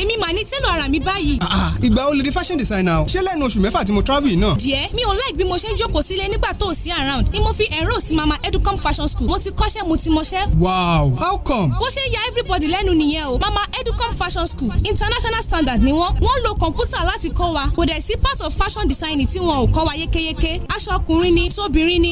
èmi màá ní tẹ́lọ̀ ara mi báyìí. Ah, ìgbà o lè di fashion designer o ṣé lẹ́nu oṣù mẹ́fà tí mo travel yìí náà. díẹ̀ mi ò like bí mo ṣe ń jókòó sílé nígbà tó o sí around ni mo fi enroll sí mama educom fashion school mo ti kọ́ṣẹ́ mo ti mọṣẹ́. wow how come. bó ṣe ya everybody lẹ́nu nìyẹn o mama educom fashion school international standard ni wọ́n wọ́n lo kọ̀ǹpútà láti kọ́ wa kò dẹ̀ of fashion designing tí wọn ò kọ́ wa yékéyéké aṣọ ọkùnrin ni tóbìnrin ni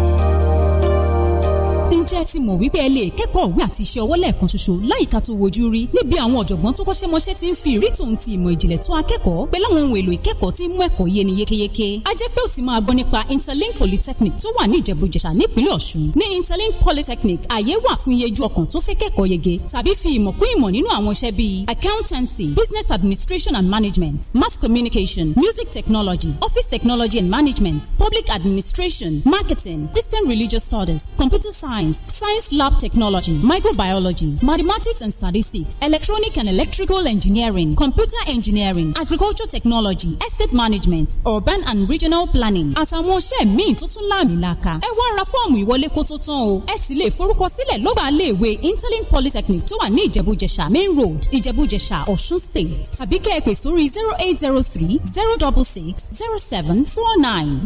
ǹjẹ́ ti mọ̀ wípé ẹ lè kẹ́kọ̀ọ́ òwe àti iṣẹ́ ọwọ́ lẹ́ẹ̀kan ṣoṣo láyìíká tó wojú rí níbi àwọn ọ̀jọ̀gbọ́n tó kọ́ṣẹ́mọṣẹ́ ti ń fi ìrítùn ti ìmọ̀ ìjìnlẹ̀ tó akẹ́kọ̀ọ́ pẹ̀lú àwọn ohun èlò ìkẹ́kọ̀ọ́ tí ń mú ẹ̀kọ́ yé ni yékéyéké. a jẹ́ pé o ti máa gbọ́ nípa interlink polytechnic tó wà ní ìjẹ̀bú-jẹ̀ṣà nípínlẹ̀ ọ̀ṣun. ní interlink polytechnic àyè wà fún iyeju ọkàn tó fẹ́ kẹ́kọ̀ọ́ yege tàbí fi ìmọ̀ kún ìmọ̀ nínú àwọn iṣẹ́ bíi accountancy business administration and management mass communication music technology office technology and management public administration marketing christian religious studies computer science science, science lab technology, microbiology, mathematics and statistics, electronic and electrical engineering, computer engineering, agriculture technology, estate management, urban and regional planning. àtàwọn iṣẹ́ míì tó tún láàmìlàaka. ẹ wá ra fọ́ọ̀mù ìwọlé kó tó tán o. ẹ sì lè forúkọsílẹ̀ lọ́gbà iléèwé interlink polytechnic tó wà ní ìjẹ̀bú-jẹ̀ṣà main road ìjẹ̀bú-jẹ̀ṣà ọ̀ṣun state tàbí kẹ́ ẹ pè sórí zero eight zero three zero double six zero seven four nine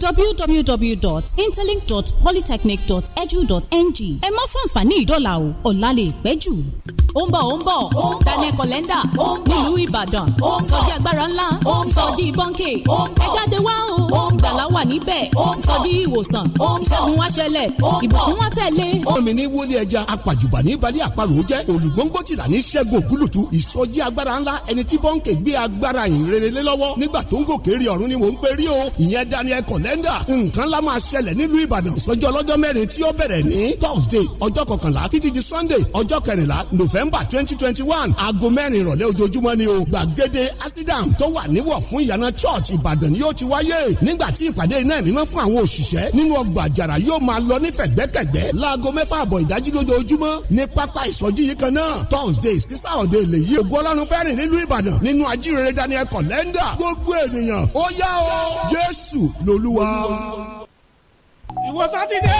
ng méjì ẹ má fàǹfààní ìdọ́là o ọ̀la lè pẹ́ jù. ó ń bọ̀ ó ń bọ̀ Daniel Kolenda nílùú Ìbàdàn sọjí agbára ńlá sọjí bọ́ńkè ẹ jáde wá o gbàlá wà níbẹ̀ sọjí ìwòsàn ṣẹ́gun wá ṣẹlẹ̀ ìbùkún wá tẹ̀lé. omi ní wọlé ẹja apàjùbà ní balẹ̀ àparò jẹ́ ti tìlà ní ṣẹ́gun ògúlùtù ìsọjí agbára ńlá ẹni tí bọ́ńkè gbé agbára ìrere lọ́wọ́ nígbà tó ń gòkè rí ọ̀run ni mò ń pè o ìyẹn Daniel Kolenda nǹkan lá máa ṣẹlẹ̀ nílùú Ìbàdàn sọjọ́ ọlọ́jọ́ mẹ́rin tí ó thursday ọjọ́ kọkànlá títí di sunday ọjọ́ kẹrìnlá november twenty twenty one aago mẹ́rin ìrọ̀lẹ́ ojoojúmọ́ ni o gbàgede asidam tó wà níwọ̀ fún ìyànà church ìbàdàn ni yóò ti wáyé nígbà tí ìpàdé iná ìmímọ́ fún àwọn òṣìṣẹ́ nínú ọgbà àjàrà yóò máa lọ ní fẹ̀gbẹ́kẹ̀gbẹ́ láago mẹ́fà àbọ̀ ìdájí lójoojúmọ́ ní pápá ìsọjí yìí kan náà thursday sísá ọ̀dẹ ilé yìí ògo ọlọ́run fẹ́rìn nílùú ìbàdàn nínú ajíire daniel kọ̀lẹ́ndà gbogbo ènìyàn ó yá o jésù lolúwa. ìwọ sátidé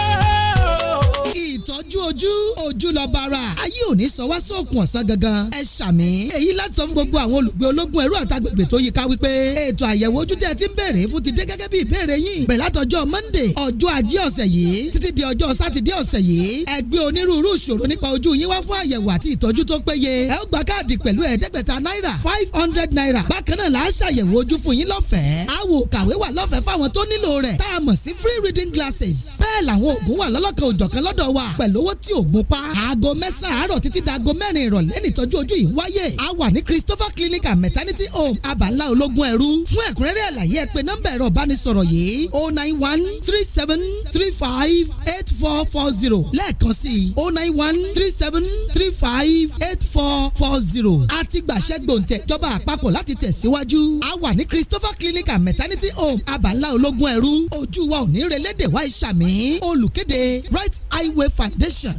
ìtọ́jú ojú ojú lọ bara ayé òní sọ wá sóòkùn ọ̀sán gangan ẹ ṣàmì èyí láti sọ fún gbogbo àwọn olùgbé ológun ẹ̀rú àtàgbègbè tó yíká wípé ètò àyẹ̀wò ojú tí ẹ ti ń béèrè fún ti dé gẹ́gẹ́ bí ìbéèrè yín bẹ̀rẹ̀ látọjọ́ monday ọjọ́ ajé ọ̀sẹ̀ yìí títí di ọjọ́ sátidé ọ̀sẹ̀ yìí ẹ gbé onírúurú ìṣòro nípa ojú yín wá fún àyẹ̀wò àti ìtọ́jú tó péye ẹ ó gba káàdì pẹ̀lú ẹ̀ẹ́dẹ́gbẹ̀ta náírà five hundred naira bákan náà là á ṣàyẹ̀wò ojú fún yín lọ́fẹ̀ẹ́ àwò kàwé wà lọ́fẹ̀ẹ́ fáwọn free reading glasses bẹ́ẹ̀ làwọn oògùn wà lọ́lọ́kan òjọ̀kan lọ́dọ̀ lọ́dọ̀ wa pẹ̀lú owó tí ò gbó pa. aago mẹ́sàn-án àárọ̀ títí daago mẹ́rin ìrọ̀lẹ́ nìtọ́jú ojú yìí ń wáyé. a wà ní Christopher clinic and maternity home abala ológun ẹ̀rú. fún ẹ̀kúnrẹ́rẹ́ àlàyé ẹ pè nọ́mbà ẹ̀rọ ìbánisọ̀rọ̀ yìí o oh nine one three seven three five eight four four zero lẹ́ẹ̀kan sí i o oh nine one three seven three five eight four four zero. a ti gbàṣẹ́ gbòǹtẹ̀ jọba àpapọ̀ láti tẹ̀síwájú. a wà ní Christopher clinic and maternity home abala ológun ẹ̀rú ojú wa ò ní relé dè wá ìsàmì olùkéde right eye Way Foundation.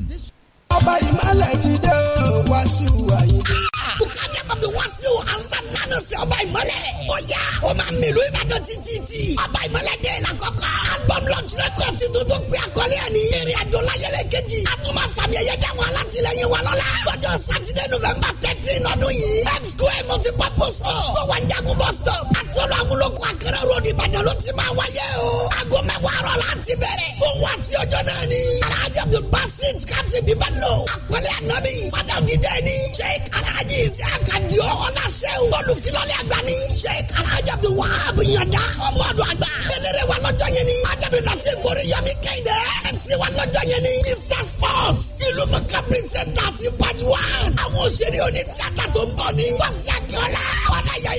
ọba ìmọ̀lẹ̀ ti dé o wá sí ìwà yìí. bukadi ababi wá sí o ansa nanu sí ọba ìmọ̀lẹ̀. ó yá o máa mi ìlú ìbàdàn títí. ọba ìmọ̀lẹ̀ dé la kọ́kọ́. album launch record ti tuntun pé àkọlé ẹ̀ ní. ìrìn àjò láyẹlẹ kejì. a tún máa fàmì ẹ̀yẹ dáwọn alátìlẹyìn wa lọ́la. lọ́jọ́ sátidé november thirteen ọdún yìí. m square multi purpose hall. tó wà ń jagun bus stop sọlọ amúlòkọ akẹrẹ ròdì ìbàdàn ló ti máa wáyé o. aago mẹ́wàá àárọ̀ la ti bẹ̀rẹ̀. fún wa sí ọjọ́ náà ni. alhaji abdul basit kati bíbá lọ. àpẹẹrẹ anabi fada òdìdẹ ni. sheikh alhaji isaac adio ọlásẹ́wò. olùfilọ́lẹ̀ àgbà ni. sheikh alhaji abdul wahab yanda ọmọ ọdún àgbà. eléré wa lọ́jọ́ yẹn ni. ajabi láti forí yọmi kéde. mc wa lọ́jọ́ yẹn ni. mr sports ìlú mọ̀ká pírísẹ̀ntà ti part one. àwọn òṣèré oní tíátà tó ń bọ̀ ni. wọ́n ṣàkíọ́lá. ọ̀nà yà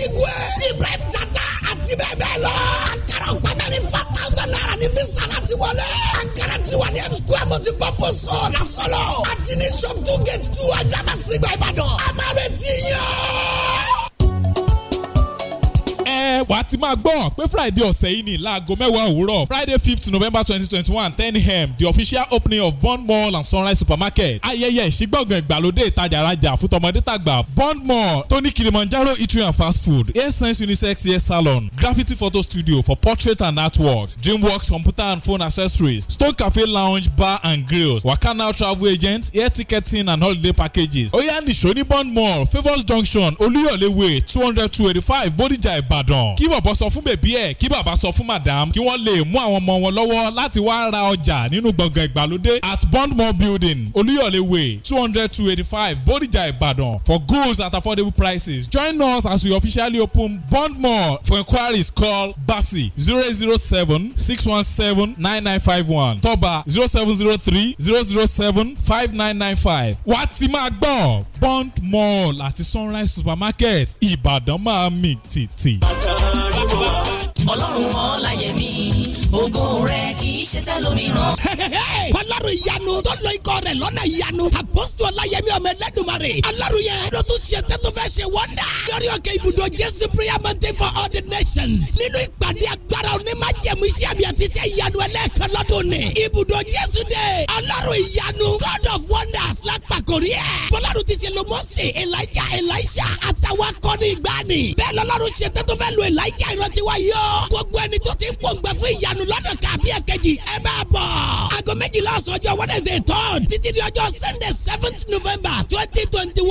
fata àti bẹ́ẹ̀ bẹ́ẹ̀ lọ. àkàrà ọ̀gbà mẹ́rin fa thousand naira ní sísan láti wọlé. àkàrà ti wà ní square multi purpose hall lásọ̀lọ̀. àti ní shop two gate two ajá bá a máa retí yín o ẹ wàá ti máa gbọ́ pé friday ọ̀sẹ̀ yìí ni láago mẹ́wàá òwúrọ̀ friday fifth november twenty twenty one ten am the official opening of bond mall and sunrise supermarket ayẹyẹ ìṣígbọ̀ngàn ìgbàlódé ìtajà arajà fún tọmọdé tàgbà bond mall tony kilimanjaro eatery and fast food air science unisex hair salon graffiti photo studio for portrait and artworks dreamworks computer and phone accessories stone cafe lounge bar and grills wakana travel agents air ticketing and holiday packages oyanisho ní bond mall favours junction olúyọ̀lé way two hundred two eighty five bódìjà ìbàdàn ọ̀rọ̀ kí bọ̀bọ̀ sọ fún bèbí ẹ̀ kí bàbá sọ fún madam kí wọ́n lè mú àwọn ọmọ wọn lọ́wọ́ láti wá ra ọjà nínú gbọ̀ngàn ìgbàlódé at bondmore building olúyọ̀lé way two hundred two eighty five bódìjà ìbàdàn for goods at affordable prices join us as we officially open bondmore for inquiries call basi zero eight zero seven six one seven nine nine five one Toba zero seven zero three zero zero seven five nine nine five wàá ti máa gbọ́ bond mall àti sunrise supermarket ìbàdàn máa mì tìtì kan rí mọ́. ọlọ́run ogún rẹ kí ṣe tẹ́ lómìíràn. ọlọ́run ìyanu tó lọ ikọ̀ rẹ̀ lọ́nà ìyanu àpòsù ọláyẹmí ọmọ ẹlẹ́dùnmarè ọlọ́run yẹn ló tún ṣe tẹ́ tó fẹ́ ṣe wọ́ndà. lórí òkè ibùdó jésù prayer mountain for all the nations nínú ìpàdé agbára onímájẹ̀mú iṣẹ́ mi àti iṣẹ́ ìyanu ẹlẹ́ẹ̀kan lọ́dún ni ibùdó jésù dé ọlọ́run ìyanu god of wonders lápàkórí ẹ̀. bọ́lọ́run ti ṣe lo mọ́sẹ̀ elijah elisha àtàwọn akọni ìgbani bẹ́ẹ̀ lọ́lọ́run ṣe tẹ́ tó fẹ́ lo elijah ìrántí wa yọ gbogbo ẹni tó ti ń pòǹgbẹ fún ìyanu lọ́dọ̀ kàbí ẹ̀kẹ́jì ẹ bá bọ̀. aago méjìlá ọ̀sán ọjọ́ wednesday third títí di ọjọ́ sunday seventh november twenty twenty one